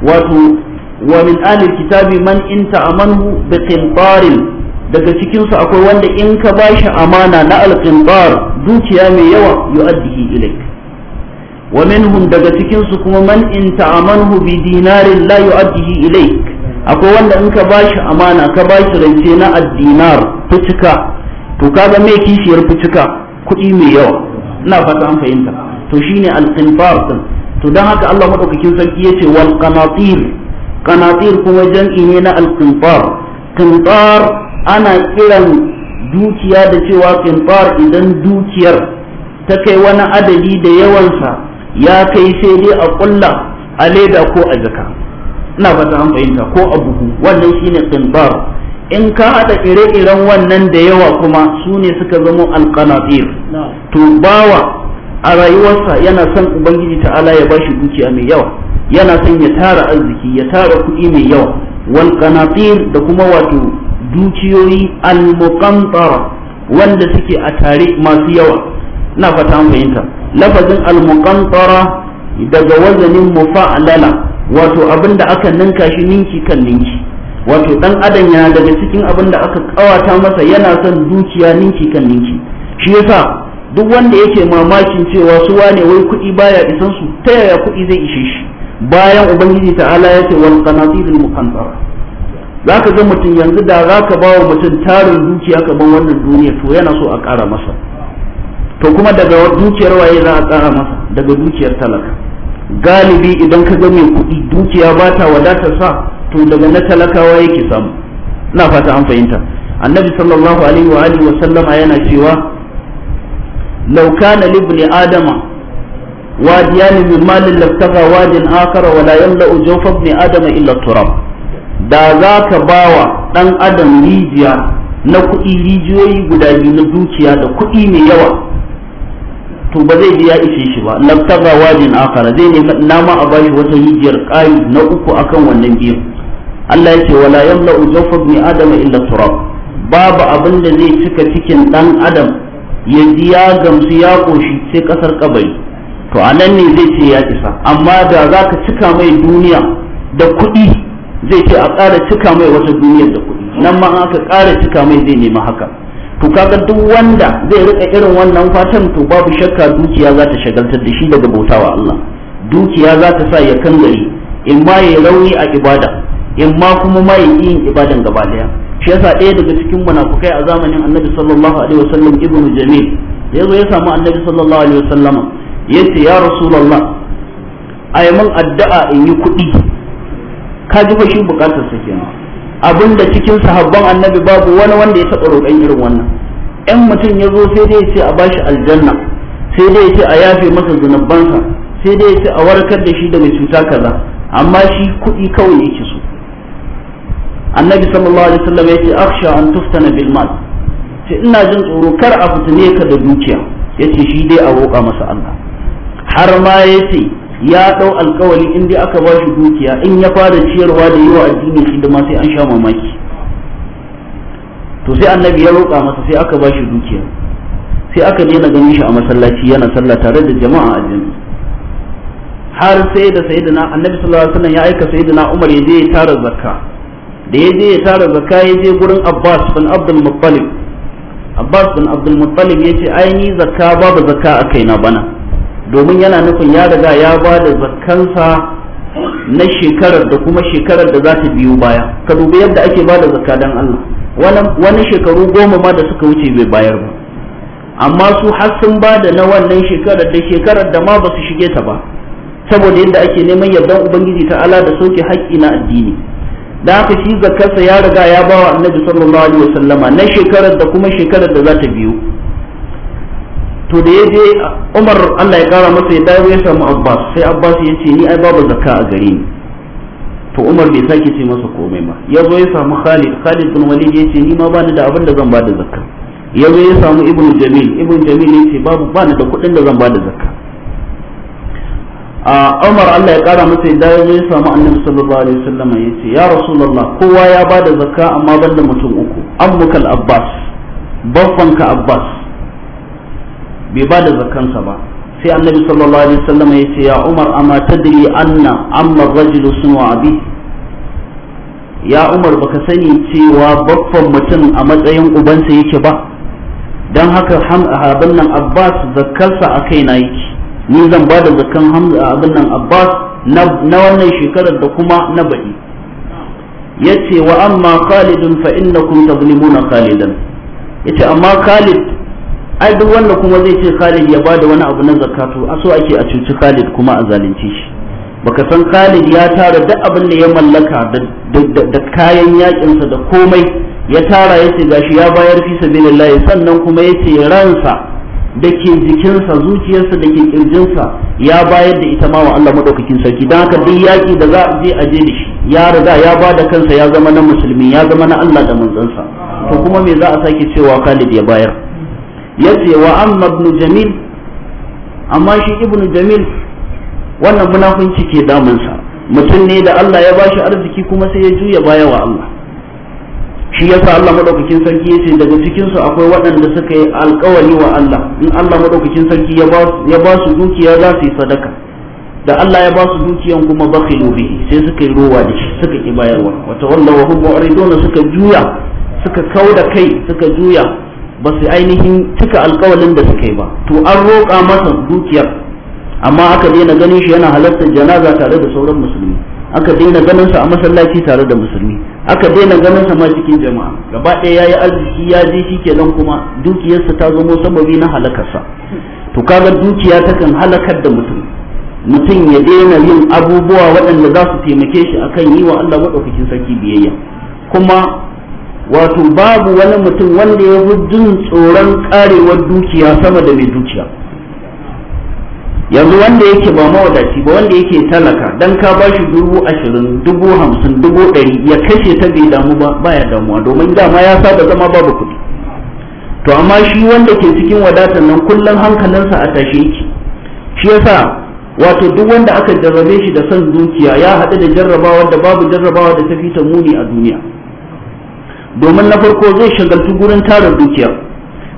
wato wa min ahlil kitabi man in ta'amanhu bi qintarin daga cikin su akwai wanda in ka bashi amana na alqintar dukiya mai yawa yu'addihi ilayk wa minhum daga cikin su kuma man in ta'amanhu bi dinarin la yu'addihi ilayk akwai wanda in ka bashi amana ka bashi rance na addinar fucika to kaga me kishiyar cika kuɗi mai yawa ina fata an fahimta to shine al-qinfar to dan haka Allah madaukakin sarki yace wal qanatir kanasir kuma jam'i ne na al-qinfar ana kiran dukiya da cewa qinfar idan dukiyar ta kai wani adadi da yawansa ya kai sai dai a kulla a leda ko a jaka ina ba an fahimta ko a buhu wannan shine tsimbar in ka hada ire-iren wannan da yawa kuma su ne suka zama alqanatir to bawa a rayuwarsa yana son ubangiji ta'ala ya bashi dukiya mai yawa yana son ya tara arziki ya tara kuɗi mai yawa wal da kuma wato dukiyoyi al wanda suke a tare masu yawa ina fata an fahimta lafazin al-muqantara daga wazanin mufa'lala wato abinda aka ninka shi ninki kan ninki wato dan adam yana daga cikin abinda aka kawata masa yana son dukiya ninki kan ninki shi yasa duk wanda yake mamakin cewa su wane wai kuɗi baya isan su ta yaya kuɗi zai ishe shi bayan ubangiji ta'ala ya ce wal qanatirul muqantara zaka ga mutum yanzu da zaka ba wa mutum tarin dukiya kaman wannan duniya to yana so a ƙara masa to kuma daga dukiyar waye za a tsara masa daga dukiyar talaka galibi idan ka ga mai kuɗi dukiya ba ta wadatar sa to daga na talakawa yake samu ina fata an fahimta annabi sallallahu alaihi wa alihi wa sallama yana cewa law kana adama wadiyan min malin laftaga wadin akara wala yamla'u jawfa ibn adama illa turab da za ka bawa dan adam rijiya na kuɗi rijiyoyi guda biyu na dukiya da kuɗi mai yawa to ba zai biya ishe shi ba labtaga wajin akara zai ne nama a bashi wata hijiyar kayu na uku akan wannan biyan Allah ya ce wala yamla ujawfa ibn adama illa turab babu abin da zai cika cikin dan adam ya ji ya gamsu ya koshi sai kasar kabari to anan ne zai ce ya isa amma da zaka cika mai duniya da kuɗi zai ce a ƙara cika mai wata duniyar da kuɗi nan ma aka ƙara cika mai zai nemi haka to kaga duk wanda zai rika irin wannan fatan to babu shakka dukiya za ta shagaltar da shi daga bautawa Allah dukiya za ta sa ya gari in ma ya rauni a ibada in ma kuma ma ya yin ibadan gaba daya shi yasa ɗaya daga cikin munafukai a zamanin annabi sallallahu alaihi wasallam ibn jamil ya zo ya samu annabi sallallahu alaihi wasallam ya ce ya rasulullah a min addu'a in yi kuɗi ka ji fa shi bukatar sa kenan abinda cikin sahabban annabi babu wani wanda ya taɓa roƙon irin wannan in mutum ya zo sai dai ce a bashi aljanna sai dai ce a yafe masa zunubansa sai dai ce a warkar da shi daga cuta kaza amma shi kuɗi kawai yake so annabi sallallahu alaihi wasallam ya ce aksha an tuftana bil mal sai ina jin tsoro kar a fitine ka da dukiya yace shi dai a roƙa masa Allah har ma yace ya dau alkawali in dai aka ba shi dukiya in ya fara ciyarwa da yi wa da hidima sai an sha mamaki to sai annabi ya roƙa masa sai aka ba shi dukiya sai aka daina ganin shi a masallaci yana sallah tare da jama'a a jami'i har sai da sayyidina annabi sallallahu alaihi wasallam ya aika sayyidina Umar ya je ya tara zakka da ya je ya tara zakka ya je gurin Abbas bin Abdul Muttalib Abbas bin Abdul Muttalib ya ce ai ni zakka babu zakka a kaina bana domin yana nufin ya riga ya ba da zakansa na shekarar da kuma shekarar da za ta biyu baya ka dubi yadda ake ba da zakka dan Allah wani shekaru goma ma da suka wuce bai bayar ba amma su har sun ba da na wannan shekarar da shekarar da ma ba su shige ta ba saboda yadda ake neman yardan ubangiji ta ala da soke haƙƙi na addini da aka shi zakkarsa ya riga ya ba wa annabi sallallahu alaihi wasallama na shekarar da kuma shekarar da za ta biyu. to da ya je umar allah ya kara masa ya dawo ya samu abbas sai abbas ya ce ni ai babu zakka a gare ni to umar bai sake ce masa komai ba ya zo ya samu khalid khalid bin walid ya ce ni ma bani da abin da zan bada zakka ya zo ya samu ibn jamil ibn jamil ya ce babu bani da kuɗin da zan bada zakka a umar allah ya kara masa ya dawo ya samu annabi sallallahu alaihi wasallam ya ce ya rasulullah kowa ya bada zakka amma banda mutum uku ammukal abbas baffanka abbas bai ba da zakansa ba sai annabi sallallahu alaihi wasallam ya ce ya umar amma tadri anna amma rajulu sunu abi ya umar baka sani cewa babban mutum a matsayin ubansa yake ba don haka abin nan abbas zakansa a kai na yake ni zan ba da zakan abin nan abbas na wannan shekarar da kuma na baɗi ya ce wa amma khalidun fa innakum tazlimuna khalidan ya ce amma khalid ai duk wanda kuma zai ce Khalid ya bada wani abu na zakatu a so ake a cuci Khalid kuma a zalunce shi baka san Khalid ya tara duk abin da ya mallaka da kayan yakinsa da komai ya tara ya ce gashi ya bayar fi sabilillah sannan kuma ya ransa da ke jikinsa zuciyarsa da ke kirjinsa ya bayar da ita ma wa Allah madaukakin sarki don haka duk yaki da za a je a je da shi ya riga ya ba da kansa ya zama na musulmi ya zama na Allah da manzansa to kuma me za a sake cewa Khalid ya bayar yace wa amma ibn jamil amma shi ibn jamil wannan munafunci ke sa mutum ne da Allah ya bashi arziki kuma sai ya juya baya wa Allah shi yasa Allah madaukakin sarki yace daga cikin su akwai waɗanda suka yi alƙawari wa Allah in Allah madaukakin sarki ya ba su dukiya za su yi sadaka da Allah ya ba su dukiyan kuma bakhilu bi sai suka yi rowa da shi suka ki bayarwa wata wallahu hubbu aridona suka juya suka kauda kai suka juya ba su ainihin cika alkawalin da suka yi ba to an roƙa masa dukiyar amma aka daina ganin shi yana halartar janaza tare da sauran musulmi aka daina ganin sa a masallaci tare da musulmi aka daina ganin sa ma cikin jama'a gaba ɗaya yayi arziki ya je shi kenan kuma dukiyarsa ta zama sababi na halakarsa to kaga dukiya takan halakar da mutum mutum ya daina yin abubuwa waɗanda za su taimake shi akan yi wa Allah maɗaukakin sarki biyayya kuma wato babu wani mutum wanda ya fi jin tsoron karewar dukiya sama da mai dukiya yanzu wanda yake ba mawadaci ba wanda yake talaka dan ka ba shi dubu ashirin dubu hamsin dubu ɗari ya kashe ta bai damu ba baya damuwa domin dama ya saba zama babu kuɗi to amma shi wanda ke cikin wadatar nan kullum hankalinsa a tashe yake shi yasa wato duk wanda aka jarrabe shi da son dukiya ya haɗu da jarrabawa da babu jarrabawa da ta fi ta muni a duniya domin na farko zai shagaltu gurin tara dukiyar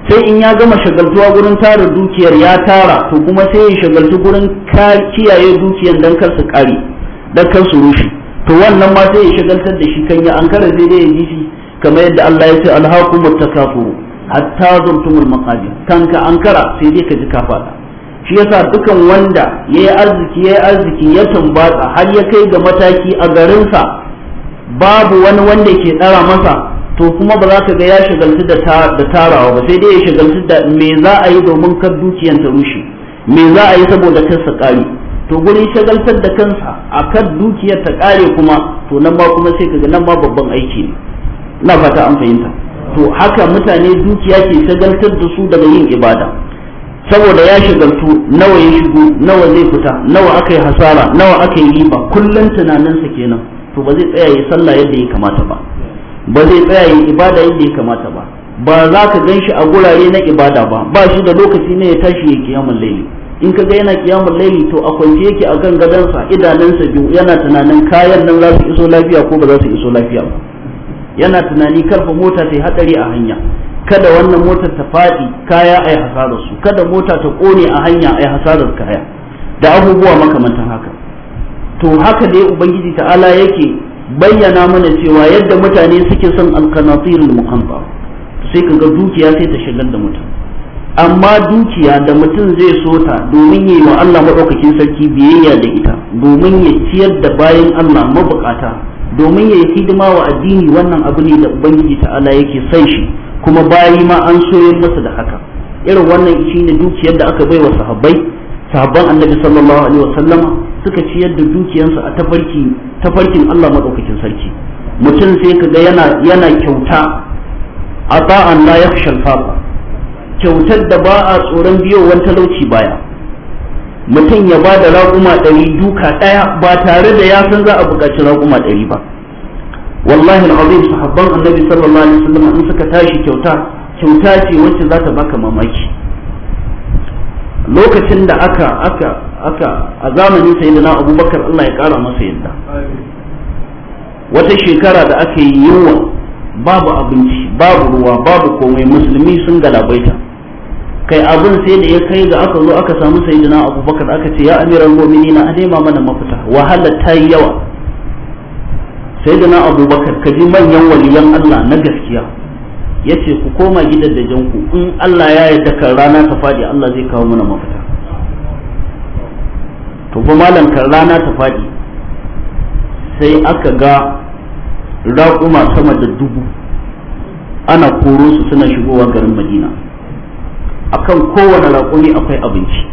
sai in ya gama shagaltuwa gurin tara dukiyar ya tara to kuma sai ya shagaltu gurin kiyaye dukiyar dan kar su kare dan kar su rushe to wannan ma sai ya shagaltar da shi kan ya an kara zai dai ji kamar yadda Allah ya ce alhaqum takafuru hatta zurtumul maqabir kanka an kara sai dai ka ji kafada shi yasa dukan wanda yayi arziki yayi arziki ya tambatsa har ya kai ga mataki a garinsa babu wani wanda ke dara masa to kuma ba za ka ga ya shagaltu da tarawa ba sai dai ya shagaltu da me za a yi domin kar dukiyan ta rushe me za a yi saboda kar sa kare to gurin shagaltar da kansa a kan dukiyar ta kare kuma to nan ma kuma sai ka ga nan ma babban aiki ne na fata an fahimta to haka mutane dukiya ke shagaltar da su daga yin ibada saboda ya shagaltu nawa ya shigo nawa zai fita nawa aka yi hasara nawa aka yi riba kullum tunaninsa kenan to ba zai tsaya ya sallah yadda ya kamata ba ba zai tsaya yin ibada yadda ya kamata ba ba za ka gan shi a gurare na ibada ba ba shi da lokaci ne ya tashi ya kiyamun laili in ka ga yana kiyamun laili to a kwance yake a kan gadonsa idanunsa biyu yana tunanin kayan nan za su iso lafiya ko ba za su iso lafiya ba yana tunani karfa mota ta yi hatsari a hanya kada wannan motar ta faɗi kaya a yi hasarar su kada mota ta ƙone a hanya a yi hasarar kaya da abubuwa makamantan haka to haka dai ubangiji ta'ala yake bayyana mana cewa yadda mutane suke son alkanatirul muqanta sai kaga dukiya sai ta shigar da mutum amma dukiya da mutum zai so ta domin yi wa Allah maɗaukakin sarki biyayya da ita domin ya ciyar da bayan Allah mabukata domin ya yi hidima wa addini wannan abu ne da ubangiji ta'ala yake san shi kuma bayi ma an soyar masa da haka irin wannan shi ne dukiyar da aka baiwa sahabbai sahabban annabi sallallahu alaihi wasallama suka ciyar da dukiyansu a tafarki tafarkin Allah madaukakin sarki mutum sai kaga yana yana kyauta ta'an la yakhshal faqa kyautar da ba a tsoron biyowar talauci baya mutum ya ba da raƙuma ɗari duka ɗaya ba tare da ya san za a buƙaci raƙuma ɗari ba wallahi al'azim sahabban annabi sallallahu alaihi wasallam in suka tashi kyauta kyauta ce wacce za ta baka mamaki lokacin da aka aka aka a zamanin sayyidina abubakar Allah ya kara masa yadda wata shekara da aka yi yunwa babu abinci babu ruwa babu komai musulmi sun galabaita kai abin sai da ya kai ga aka zo aka samu sayyidina abubakar aka ce ya amiran na a nema mana mafita wahala ta yi yawa na abubakar ka ji manyan waliyan Allah na gaskiya ya ce ku koma da janku in Allah ya yarda kan rana ta faɗi Allah zai kawo mana mafita to ba malam kan rana ta faɗi sai aka ga raƙuma sama da dubu ana koro su suna shigowa garin madina akan kowane raƙumi akwai abinci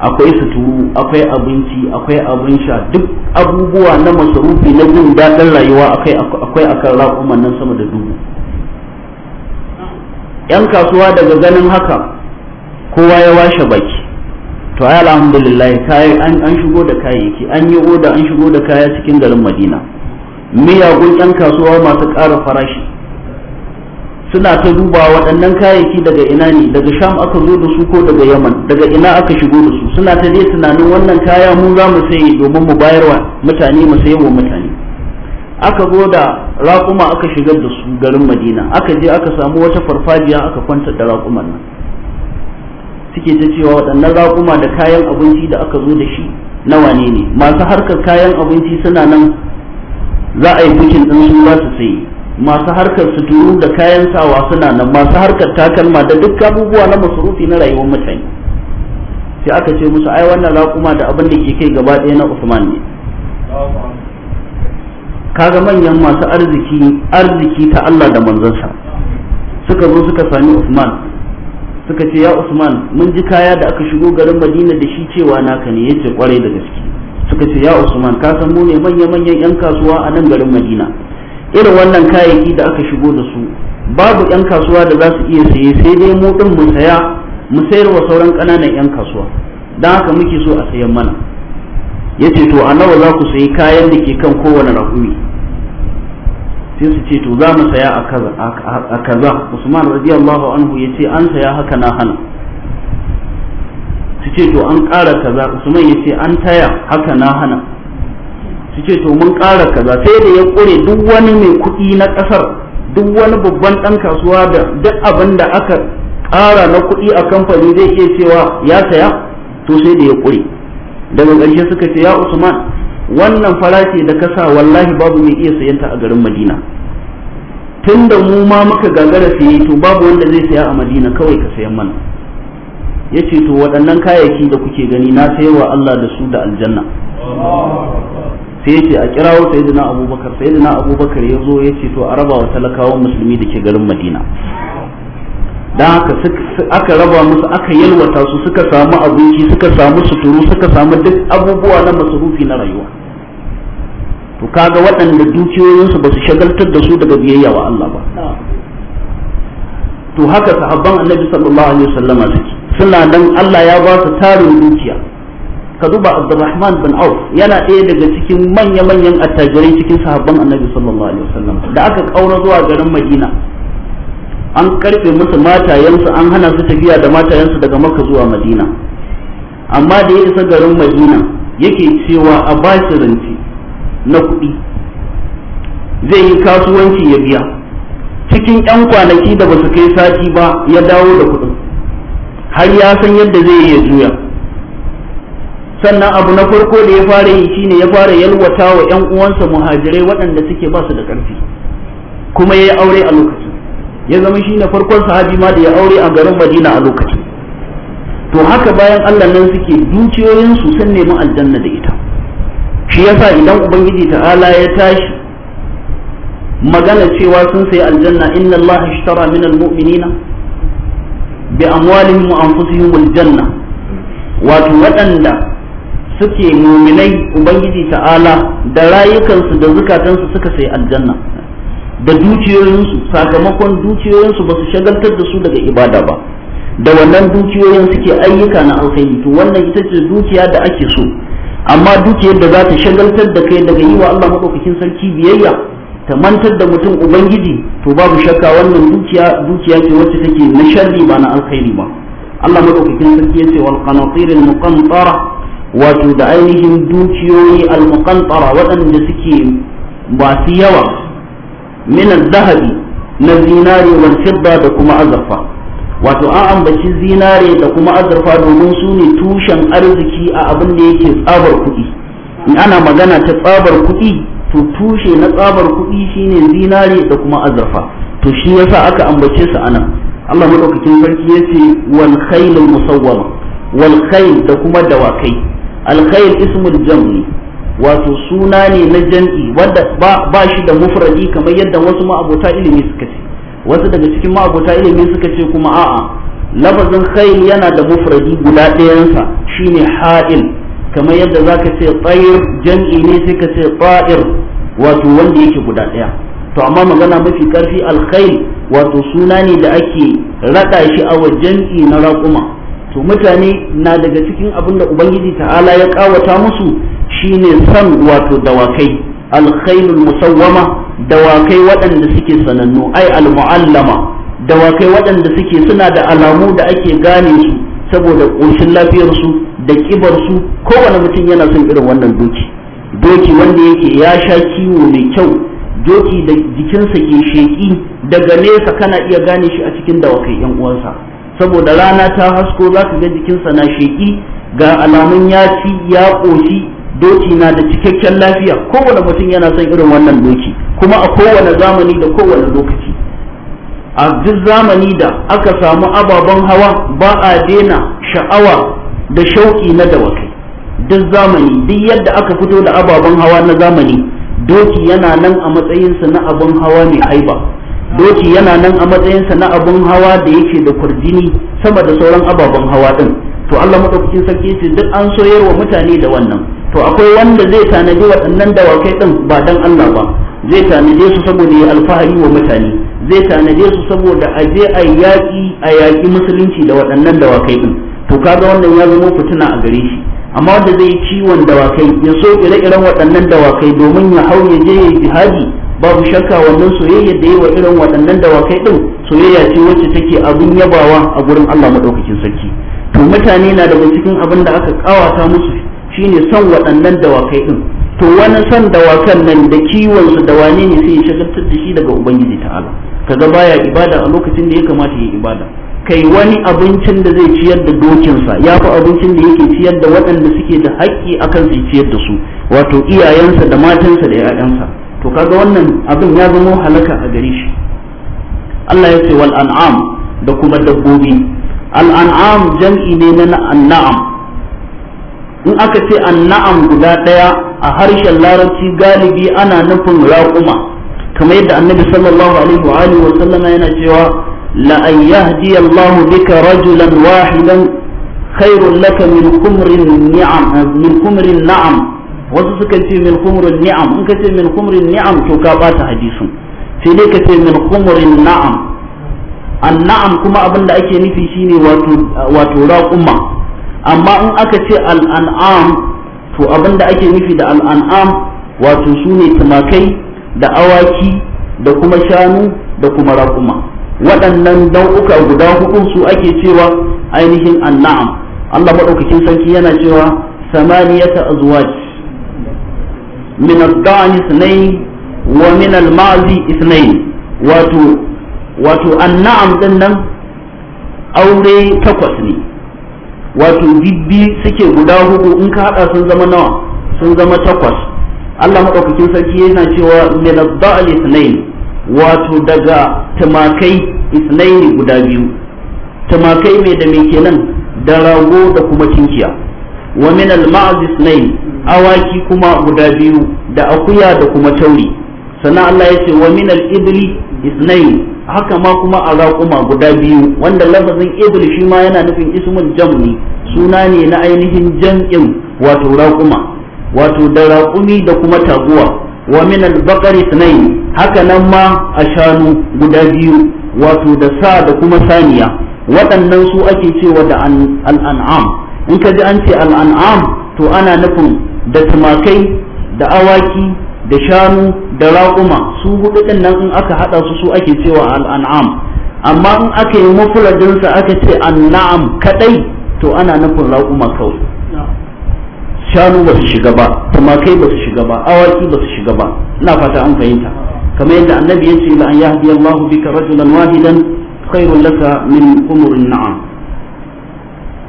akwai suturu akwai abinci akwai abin sha duk abubuwa na masarufi na jin daɗin rayuwa akwai akan raƙuman nan sama da dubu yan kasuwa daga ganin haka kowa ya washe baki to ai alhamdulillah kayan an an shigo da kayayyaki an yi oda an shigo da kaya cikin garin Madina miyagun yan kasuwa masu ƙara farashi suna ta duba waɗannan kayayyaki daga ina ne daga sham aka zo da su ko daga yaman daga ina aka shigo da su suna ta je tunanin wannan kaya mu za mu sayi domin mu bayar wa mutane mu sayi wa mutane aka zo da raƙuma aka shigar da su garin madina aka je aka samu wata farfajiya aka kwanta da raƙuman nan suke ta cewa waɗannan raƙuma da kayan abinci da aka zo da shi na wane ne masu harkar kayan abinci suna nan za a yi bukin ɗin su za su sayi masu harkar suturu da kayan sawa suna nan masu harkar takalma da duk abubuwa na masurufi na rayuwar mutane sai aka ce musu ai wannan raƙuma da abin da ke kai gaba ɗaya na Usman ne kaga manyan masu arziki arziki ta Allah da manzansa suka zo suka sami Usman suka ce ya Usman mun ji kaya da aka shigo garin Madina da shi cewa naka ne yace kwarai da gaske suka ce ya Usman ka san mu ne manya manyan yan kasuwa a nan garin Madina irin wannan kayayyaki da aka shigo da su babu 'yan kasuwa da za su iya saye sai dai mu ɗin mu saya mu sayar wa sauran ƙananan 'yan kasuwa don haka muke so a sayan mana ya ce to a nawa za ku sayi kayan da ke kan kowane rahumi sai su ce to za mu saya a kaza usman radiyallahu anhu ya ce an saya haka na hana su ce to an ƙara kaza usman ya ce an taya haka na hana su ce to mun ƙara kaza sai da ya ƙure duk wani mai kuɗi na ƙasar duk wani babban ɗan kasuwa da duk abin da aka ƙara na kuɗi a kamfani zai iya cewa ya saya to sai da ya ƙure daga ƙarshe suka ce ya usman wannan farashi da kasa wallahi babu mai iya sayanta a garin madina tun da mu ma muka gagara saye to babu wanda zai saya a madina kawai ka sayan mana ya ce to waɗannan kayayyaki da kuke gani na sayarwa Allah da su da aljanna sai yace a kirawo sayyidina abubakar sayyidina abubakar ya zo ya ce to a raba wa talakawan musulmi da ke garin madina don haka aka raba musu aka yalwata su suka samu abinci suka samu suturu suka samu duk abubuwa na masarufi na rayuwa to kaga waɗanda dukiyoyinsu ba su shagaltar da su daga biyayya wa Allah ba to haka sahabban annabi sallallahu alaihi wasallama suke suna dan Allah ya ba su tarin dukiya ka duba Abdurrahman bin Auf yana ɗaya daga cikin manya-manyan attajirai cikin sahabban Annabi sallallahu alaihi wasallam da aka kaura zuwa garin Madina an karfe musu matayensu an hana su tafiya da matayensu daga Makka zuwa Madina amma da ya isa garin Madina yake cewa a bashi na kuɗi zai yi kasuwanci ya biya cikin 'yan kwanaki da ba su kai sati ba ya dawo da kuɗin har ya san yadda zai yi ya juya sannan abu na farko da ya fara yi shine ya fara yalwata wa 'yan uwansa muhajirai waɗanda suke ba su da ƙarfi kuma ya yi aure a lokacin ya zama shi na farkon sahabi ma da ya aure a garin madina a lokacin to haka bayan allah nan suke dukiyoyinsu sun nemi aljanna da ita shi yasa idan ubangiji ta'ala ya tashi magana cewa sun sayi aljanna inna allah ishtara min almu'minina bi amwalihim wa anfusihim aljanna wato waɗanda suke muminai ubangiji ta'ala da rayukansu da zukatansu suka sai aljanna da dukiyoyinsu sakamakon dukiyoyinsu ba su shagaltar da su daga ibada ba da wannan dukiyoyin suke ayyuka na alkhairi to wannan ita ce dukiya da ake so amma dukiyar da za ta shagaltar da kai daga yi wa Allah madaukakin sarki biyayya ta mantar da mutum ubangiji to babu shakka wannan dukiya dukiya ce wacce take na sharri ba na alkhairi ba Allah madaukakin sarki ya ce wal qanatir al muqantara wato da ainihin dukiyoyi almuqantara waɗanda suke masu yawa minan zahabi na zinare wal fidda da kuma azurfa wato an ambaci zinare da kuma azurfa domin su ne tushen arziki a abin da yake tsabar kuɗi in ana magana ta tsabar kuɗi to tushe na tsabar kuɗi shine zinare da kuma azurfa to shi yasa aka ambace su anan Allah madaukakin sarki yace wal khailul musawwama wal khayl da kuma dawakai alkhair ismul jam'i wato suna ne na jam'i wanda ba shi da mufradi kamar yadda wasu ma'abota ilimi suka ce wasu daga cikin ma'abota ilimi suka ce kuma a'a lafazin khair yana da mufradi guda ɗayansa shine ha'il kamar yadda zaka ce tsayir jam'i ne sai ka ce tsa'ir wato wanda yake guda ɗaya to amma magana mafi karfi alkhair wato suna ne da ake raɗa shi a wajen na raƙuma to mutane na daga cikin abin da ubangiji ta'ala ya kawata musu shine san wato dawakai alkhailul musawwama dawakai waɗanda suke sanannu ai almu'allama dawakai waɗanda suke suna da alamu da ake gane su saboda ƙoshin lafiyarsu da ƙibarsu kowane mutum yana son irin wannan doki doki wanda yake ya sha kiwo mai kyau doki da jikinsa ke sheƙi daga nesa kana iya gane shi a cikin dawakai 'yan uwansa saboda rana ta hasko za ka ga jikinsa na sheƙi ga alamun ya ci ya ƙoshi doki na da cikakken lafiya kowane mutum yana son irin wannan doki kuma a kowane zamani da kowane lokaci a duk zamani da aka samu ababen hawa ba a daina sha'awa da shauƙi na dawakai duk zamani duk yadda aka fito da ababen hawa na zamani doki yana nan a matsayinsa na abin hawa mai haiba doki yana nan a matsayinsa na abun hawa da yake da kurjini sama da sauran ababen hawa din to Allah madaukakin sarki ce duk an soyar wa mutane da wannan to akwai wanda zai tanadi waɗannan dawakai din ba dan Allah ba zai tanade su saboda ya alfahari wa mutane zai tanade su saboda a je a yaƙi a yaƙi musulunci da waɗannan dawakai din to kaga wannan ya zama fituna a gare shi amma wanda zai ciwon dawakai ya so ire-iren waɗannan dawakai domin ya hau ya je ya jihadi babu shakka wannan soyayya da yi wa irin waɗannan dawakai ɗin soyayya ce wacce take abin yabawa a gurin Allah maɗaukakin sarki to mutane na da cikin abin da aka ƙawata musu shine son waɗannan dawakai ɗin to wani son dawakan nan da kiwon da wane ne sai ya shagaltar da shi daga ubangiji ta'ala kaga baya ibada a lokacin da ya kamata ya ibada kai wani abincin da zai ciyar da dokinsa ya fi abincin da yake ciyar da waɗanda suke da haƙƙi akan su ciyar da su wato iyayensa da matansa da 'ya'yansa to kaga wannan abin ya zama halaka a gare shi Allah ya ce wal an'am da kuma dabbobi al an'am jam'i ne na an'am in aka ce an'am guda daya a harshen larabci galibi ana nufin raƙuma kamar yadda annabi sallallahu alaihi wa alihi wa sallama yana cewa la an yahdi Allahu bika rajulan wahidan khairun laka min kumrin ni'am min kumrin na'am wasu suka ce min kumurin ni'am in ka ce min kumurin ni'am to ka bata hadisin sai dai ka ce min kumurin na'am an na'am kuma abin da ake nufi shine wato wato raquma amma in aka ce al an'am to abin da ake nufi da al an'am wato sune tumakai da awaki da kuma shanu da kuma raquma waɗannan nau'uka guda hudu su ake cewa ainihin an na'am Allah madaukakin sarki yana cewa samaniyata azwaj min ad-da'an ithnayn wa min al-ma'zi ithnayn wato wato anna'am din aure takwas ne wato bibbi suke guda hudu in ka haɗa sun zama nawa sun zama takwas Allah madaukakin sarki yana cewa min ad-da'al ithnayn wato daga tumakai ithnayn guda biyu tumakai mai da me kenan da rago da kuma kinkiya wa min al awaki kuma guda biyu da akuya da kuma tauri sannan Allah ya ce wa min al-ibli ithnain haka ma kuma a raƙuma guda biyu wanda lafazin ibli shi ma yana nufin ismun jam'i suna ne na ainihin jam'in wato raƙuma wato da raƙumi da kuma taguwa wa min al-baqari haka nan ma a shanu guda biyu wato da sa da kuma saniya waɗannan su ake cewa da al-an'am in ka ji an ce al'an'am to ana nufin da tumakai da awaki da shanu da raƙuma su hudu ɗin nan in aka haɗa su su ake cewa al'an'am amma in aka yi mafuladinsa aka ce an'am kaɗai to ana nufin raƙuma kawai shanu ba su shiga ba tumakai ba su shiga ba awaki ba su shiga ba ina fata an fahimta kamar yadda annabi ya ce la an yahdi Allahu bika rajulan wahidan khairun laka min umurin na'am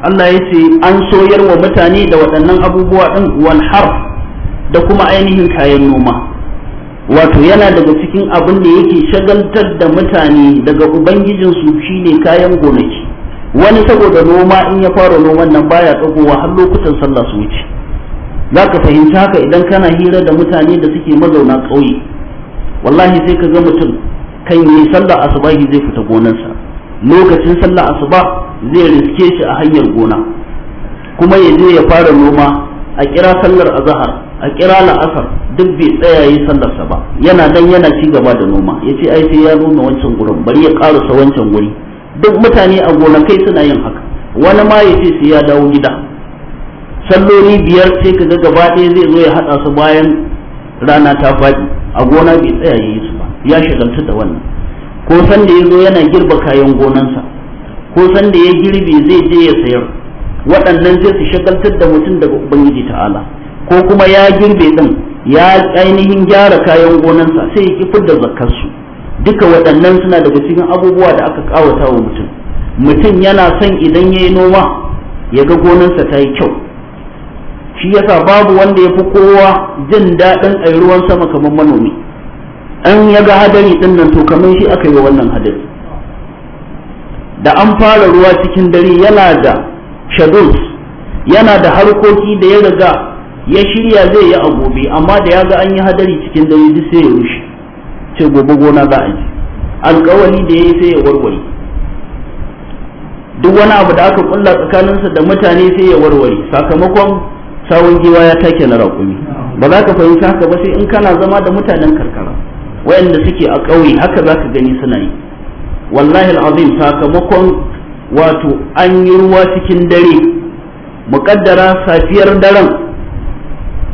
Allah ya ce an soyar wa mutane da waɗannan abubuwa ɗin walhar da kuma ainihin kayan noma wato yana daga cikin abin da yake shagaltar da mutane daga ubangijinsu shine kayan gonaki wani saboda noma in ya fara noman nan baya tsagowa har lokutan sallah su wuce za ka fahimci haka idan kana hira da mutane da suke mazauna ƙauye wallahi sai ka ga mutum kan yi sallah asubahi zai fita gonarsa lokacin sallah asuba zai riske shi a hanyar gona kuma ya je ya fara noma a kira sallar azahar a kira la'asar duk bai tsaya yi sallarsa ba yana dan yana ci gaba da noma ya ce ai sai ya noma wancan gurin bari ya sa wancan guri duk mutane a gona kai suna yin haka wani ma ya ce sai ya dawo gida salloli biyar sai ka ga gaba ɗaya zai zo ya haɗa su bayan rana ta faɗi a gona bai tsaya yi su ba ya shagaltu da wannan ko san da ya zo yana girba kayan gonansa ko sanda ya girbe zai je ya sayar waɗannan zai su shagaltar da mutum daga ubangiji ta'ala ko kuma ya girbe din ya ainihin gyara kayan gonansa sai ya kifar da zakarsu duka waɗannan suna daga cikin abubuwa da aka ƙawata wa mutum mutum yana son idan ya yi noma ya ga gonansa ta yi kyau shi yasa babu wanda ya fi kowa jin daɗin a ruwan sama kamar manomi an ya ga hadari ɗin nan to kamar shi aka yi wannan hadari da an fara ruwa cikin dare yana da shaduls yana da harkoki da ya riga ya shirya zai yi a gobe amma da ya ga an yi hadari cikin dare duk sai ya rushe ce gobe gona za a yi Alƙawari da ya yi sai ya warware duk wani abu da aka kulla tsakaninsa da mutane sai ya warware sakamakon sawun giwa ya take na raƙumi ba za ka fahimci haka ba sai in kana zama da mutanen karkara wayanda suke a ƙauye haka za ka gani suna yi wallahi al'azim sakamakon wato an yi ruwa cikin dare muƙaddara safiyar daren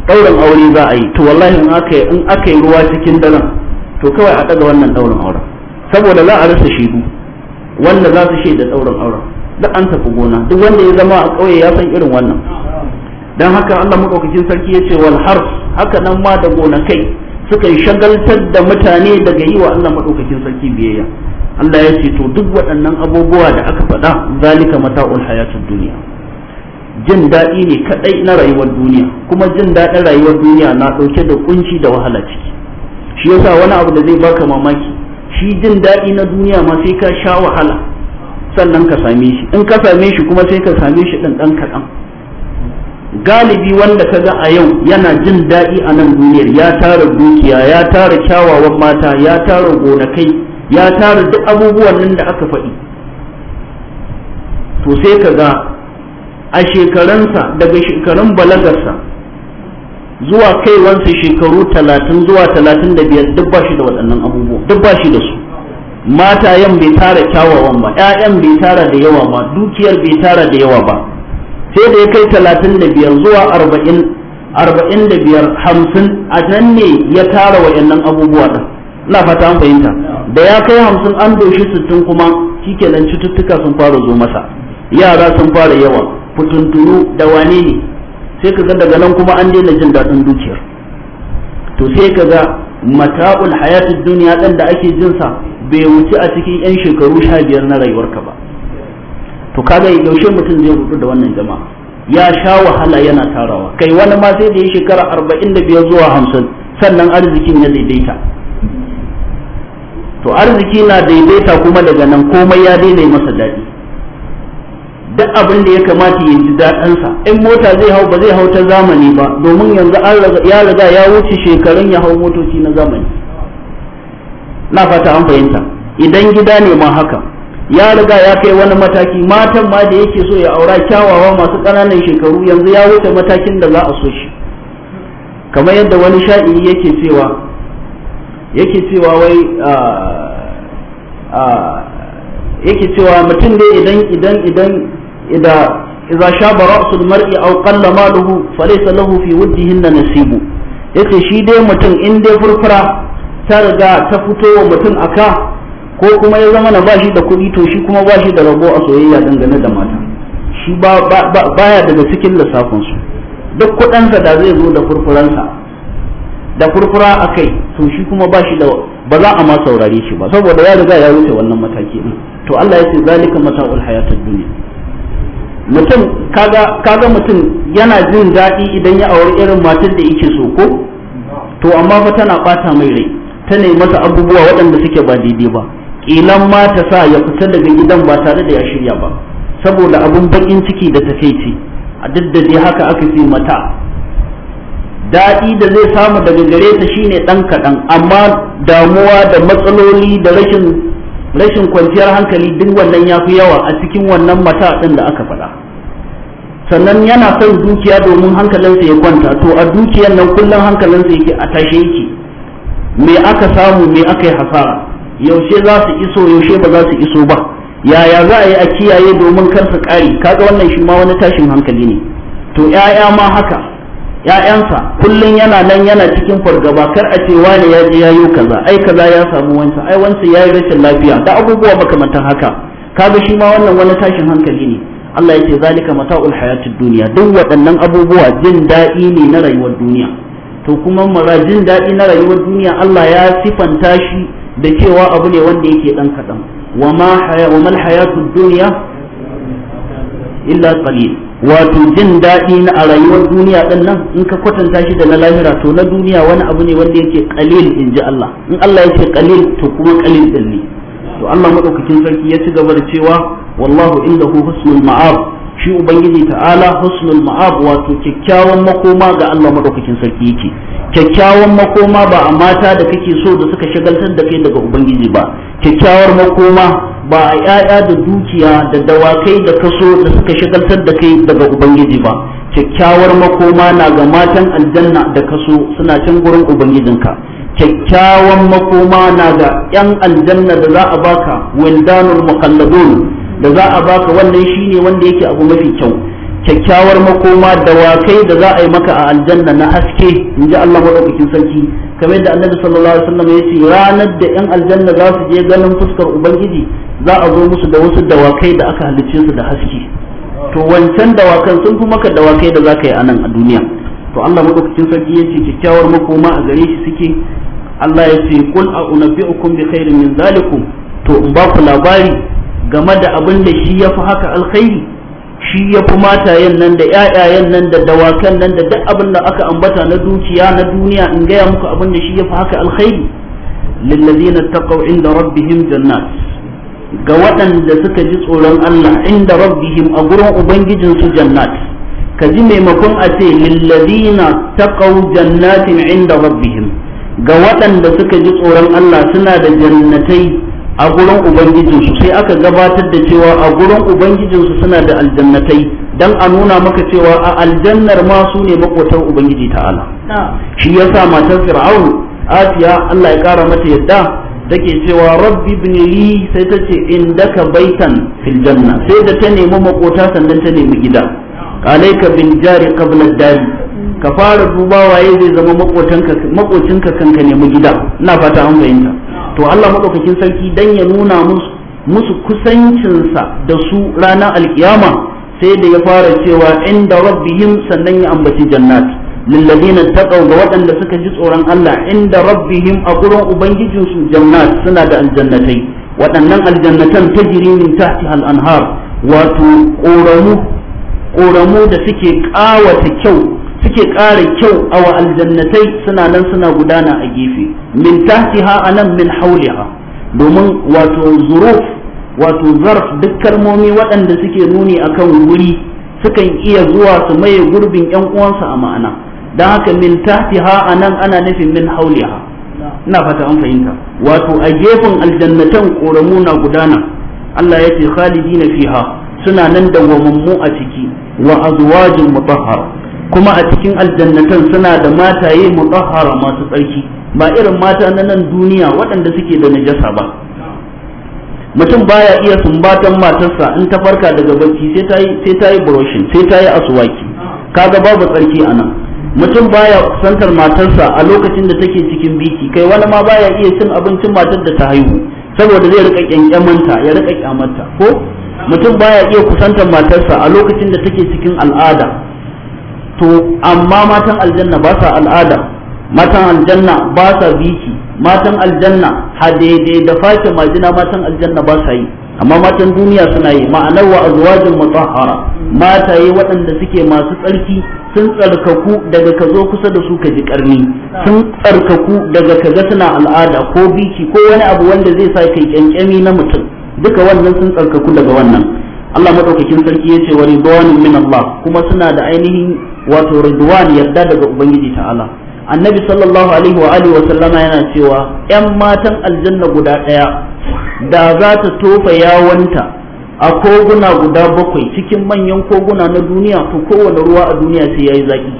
ɗaurin aure za a yi to wallahi in aka yi ruwa cikin daren to kawai a ɗaga wannan ɗaurin auren saboda za a rasa shaidu wanda za su shaida ɗaurin auren duk an tafi gona duk wanda ya zama a ƙauye ya san irin wannan don haka Allah maɗaukakin sarki ya ce wal har haka nan ma da kai suka shagaltar da mutane daga yi wa Allah maɗaukakin sarki biyayya Allah ya ce to duk waɗannan abubuwa da aka faɗa zalika mata'ul hayatul duniya jin daɗi ne kaɗai na rayuwar duniya kuma jin daɗin rayuwar duniya na ɗauke da kunci da wahala ciki shi yasa wani abu da zai baka mamaki shi jin daɗi na duniya ma sai ka sha wahala sannan ka same shi in ka same shi kuma sai ka same shi ɗan ɗan kaɗan galibi wanda ka ga a yau yana jin daɗi a nan duniyar ya tara dukiya ya tara kyawawan mata ya tara gonakai ya tara duk abubuwan nan da aka faɗi to sai ka ga a shekaransa daga shekarun balagarsa zuwa kaiwansa shekaru talatin zuwa talatin da biyar duk ba shi da waɗannan abubuwa duk ba shi da su matayen bai tara kyawawan ba ƴaƴan bai tara da yawa ba dukiyar bai tara da yawa ba sai da ya kai talatin da biyar zuwa arba'in arba'in da biyar hamsin a nan ne ya tara waɗannan abubuwa ɗin ina fata an fahimta da ya kai hamsin an doshi sittin kuma shikenan cututtuka sun fara zo masa yara sun fara yawa fitunturu da wane ne sai ka ga daga nan kuma an daina jin daɗin dukiyar to sai ka ga mata'ul hayatid duniya ɗan da ake jin sa bai wuce a cikin 'yan shekaru sha biyar na rayuwarka ba to kaga yaushe mutum zai rutu da wannan jama'a ya sha wahala yana tarawa kai wani ma sai da ya shekara arba'in da biyar zuwa hamsin sannan arzikin ya daidaita to arziki na daidaita kuma daga nan komai ya daidai masa daɗi duk abin da ya kamata ya ji daɗinsa in mota zai hau ba zai hau ta zamani ba domin yanzu ya riga ya wuce shekarun ya hau motoci na zamani na fata an fahimta idan gida ne ma haka ya riga ya kai wani mataki matan ma da yake so ya aura kyawawa masu ƙananan shekaru yanzu ya wuce matakin da za a so shi kamar yadda wani sha'iri yake cewa yake cewa wai yake cewa mutum ne idan idan idan ida idza shaba ra'sul mar'i aw qalla maluhu falaysa lahu fi na nasibu yace shi dai mutum in dai furfura ta riga ta fito wa mutum aka ko kuma ya zama na bashi da kuɗi to shi kuma bashi da rabo a soyayya dangane da mata shi ba baya daga cikin lissafin su duk kuɗansa da zai zo da furfuransa da furfura akai to shi kuma ba shi da ba za a ma saurare shi ba saboda ya riga ya wuce wannan mataki din to Allah ya ce zalika mata'ul hayatid dunya mutum kaga kaga mutum yana jin daɗi idan ya auri irin matar da yake so ko to amma fa tana bata mai rai ta ne masa abubuwa waɗanda suke ba daidai ba kilan ma ta sa ya fita daga gidan ba tare da ya shirya ba saboda abun bakin ciki da takeici a duk da dai haka aka fi mata daɗi da zai samu daga gare ta shine ɗan kaɗan amma damuwa da matsaloli da rashin kwanciyar hankali duk wannan ya fi yawa a cikin wannan mata ɗin da aka faɗa sannan yana son dukiya domin hankalinsa ya kwanta to a dukiyar nan kullum hankalinsa yake a tashe yake me aka samu me aka yi hasara yaushe za su iso yaushe ba za su iso ba yaya za a yi a kiyaye domin karsa su ƙari kaga wannan shi ma wani tashin hankali ne to 'ya'ya ma haka ya'yansa kullum yana nan yana cikin fargaba kar a ce wani ya ji yayo kaza ai kaza ya samu wancan ai ya yayi rashin lafiya da abubuwa makamantan haka kaga shi ma wannan wani tashin hankali ne Allah ce zalika mata'ul hayatid duniya duk waɗannan abubuwa jin daɗi ne na rayuwar duniya to kuma mara jin daɗi na rayuwar duniya Allah ya sifanta shi da cewa abu ne wanda yake ɗan kaɗan wa ma haya hayatud illa qalil wato jin daɗi na a rayuwar duniya ɗin nan in ka kwatanta shi da na lahira to na duniya wani abu ne wanda yake kalil in ji Allah in Allah yake kalil to kuma kalil ɗin ne to Allah maɗaukakin sarki ya ci gaba da cewa wallahu hu husnul ma'ab shi ubangiji ta'ala husnul ma'ab wato kyakkyawan makoma ga Allah madaukakin sarki yake kyakkyawan makoma ba a mata da kake so da suka shagaltar da kai daga ubangiji ba kyakkyawar makoma ba a yaya da dukiya da dawakai da kaso da suka shagaltar da kai daga ubangiji ba kyakkyawar makoma na ga matan aljanna da kaso suna can gurin ubangijinka kyakkyawan makoma na ga yan aljanna da za a baka wildanul muqalladun da za a baka wannan shine wanda yake abu mafi kyau kyakkyawar makoma da wakai da za a yi maka a aljanna na haske in ji Allah madaukakin sarki kamar da annabi sallallahu alaihi wasallam ya ce ranar da yan aljanna za su je ganin fuskar ubangiji za a zo musu da wasu dawakai da aka halicce su da haske to wancan dawakan sun fi maka dawakai da za ka yi a nan a duniya to Allah madaukakin sarki ya ce kyakkyawar makoma a gare shi suke Allah ya ce kul a unabbi'ukum bi khairin min zalikum to in ba ku labari game da abin da shi ya fi haka alkhairi shi ya fi matayen nan da ƴaƴayen nan da dawakan nan da duk abin da aka ambata na dukiya na duniya in gaya muku abin da shi ya fi haka alkhairi lillazina taqaw inda rabbihim jannat ga waɗanda suka ji tsoron Allah inda rabbihim a gurin ubangijinsu jannat ka ji maimakon a ce lillazina taqaw jannatin inda rabbihim ga waɗanda suka ji tsoron Allah suna da jannatai a gurin ubangijinsu sai aka gabatar da cewa a gurin ubangijinsu suna da aljannatai dan a nuna maka cewa a aljannar ma su ne makotar ubangiji ta'ala shi yasa matar fir'aun asiya Allah ya kara mata yadda take cewa rabbi ibn li sai ta ce indaka baitan fil janna sai da ta nemi makota sannan ta nemi gida alayka bin jari qabla dari ka fara dubawa waye zai zama makotanka makocinka kanka nemi gida ina fata an fahimta to Allah madaukakin sarki dan ya nuna musu musu kusancinsa da su ranar alkiyama sai da ya fara cewa inda rabbihim sannan ya ambaci jannat lillazina taqaw ga waɗanda suka ji tsoron Allah inda rabbihim a gurin ubangijinsu jannat suna da aljannatai waɗannan aljannatan tajri min tahtiha al-anhar wato ƙoramu ƙoramu da suke ƙawata kyau suke ƙara kyau a wa aljannatai suna nan suna gudana a gefe min tahtiha anan min hauliha domin wato zuruf wato zarf duk kalmomi waɗanda suke nuni akan wuri sukan iya zuwa su maye gurbin yan uwansa a ma'ana don haka min tahtiha anan ana nufin min hauliha ina fata an fahimta wato a gefen aljannatan koramu na gudana Allah ya ce khalidina fiha suna nan da wamammu a ciki wa azwajin mutahhara kuma a cikin aljannatan suna da mataye mutahhara masu tsarki ba irin mata na nan duniya waɗanda suke da najasa ba mutum baya iya sumbatan matarsa in ta farka daga barci sai ta yi sai ta yi brushing sai ta aswaki kaga babu tsarki a nan mutum baya kusantar matarsa a lokacin da take cikin biki kai wani ma baya iya cin abincin matar da ta haihu saboda zai rika kyankyamanta ya rika kyamanta ko mutum baya iya kusantar matarsa a lokacin da take cikin al'ada to amma matan aljanna ba sa al'ada matan aljanna ba sa biki matan aljanna ha da fake majina matan aljanna ba sa yi amma matan duniya suna yi ma'anar wa azwajin mutahhara mataye waɗanda suke masu tsarki sun tsarkaku daga ka kusa da su ka ji karni sun tsarkaku daga ka suna al'ada ko biki ko wani abu wanda zai sa kai kyankyami na mutum duka wannan sun tsarkaku daga wannan Allah madaukakin sarki yace wa ridwanun min Allah kuma suna da ainihin wato ridwan yadda daga ubangiji ta'ala annabi sallallahu alaihi wa alihi wa sallama yana cewa yan matan aljanna guda daya da za ta tofa yawanta a koguna guda bakwai cikin manyan koguna na duniya to kowane ruwa a duniya sai yayi zaki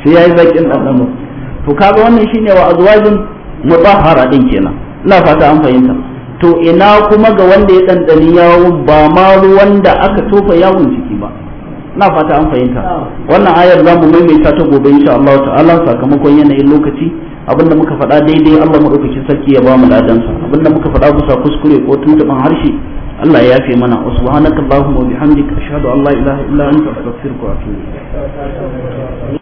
sai yayi dan ɗanɗano to kaga wannan shine wa azwajin mutahhara din kenan ina fata an fahimta to ina kuma ga wanda ya ɗanɗani yawon ba ma wanda aka tofa yawon ciki ba na fata an fahimta wannan ayar za mu maimaita ta gobe insha Allah ta'ala sakamakon yanayin lokaci abinda muka faɗa daidai Allah madaukakin sarki ya ba mu ladansa abinda muka faɗa bisa kuskure ko tuntuban harshe Allah ya yafe mana wa Allahumma wa bihamdika ashhadu an la ilaha illa anta astaghfiruka wa atubu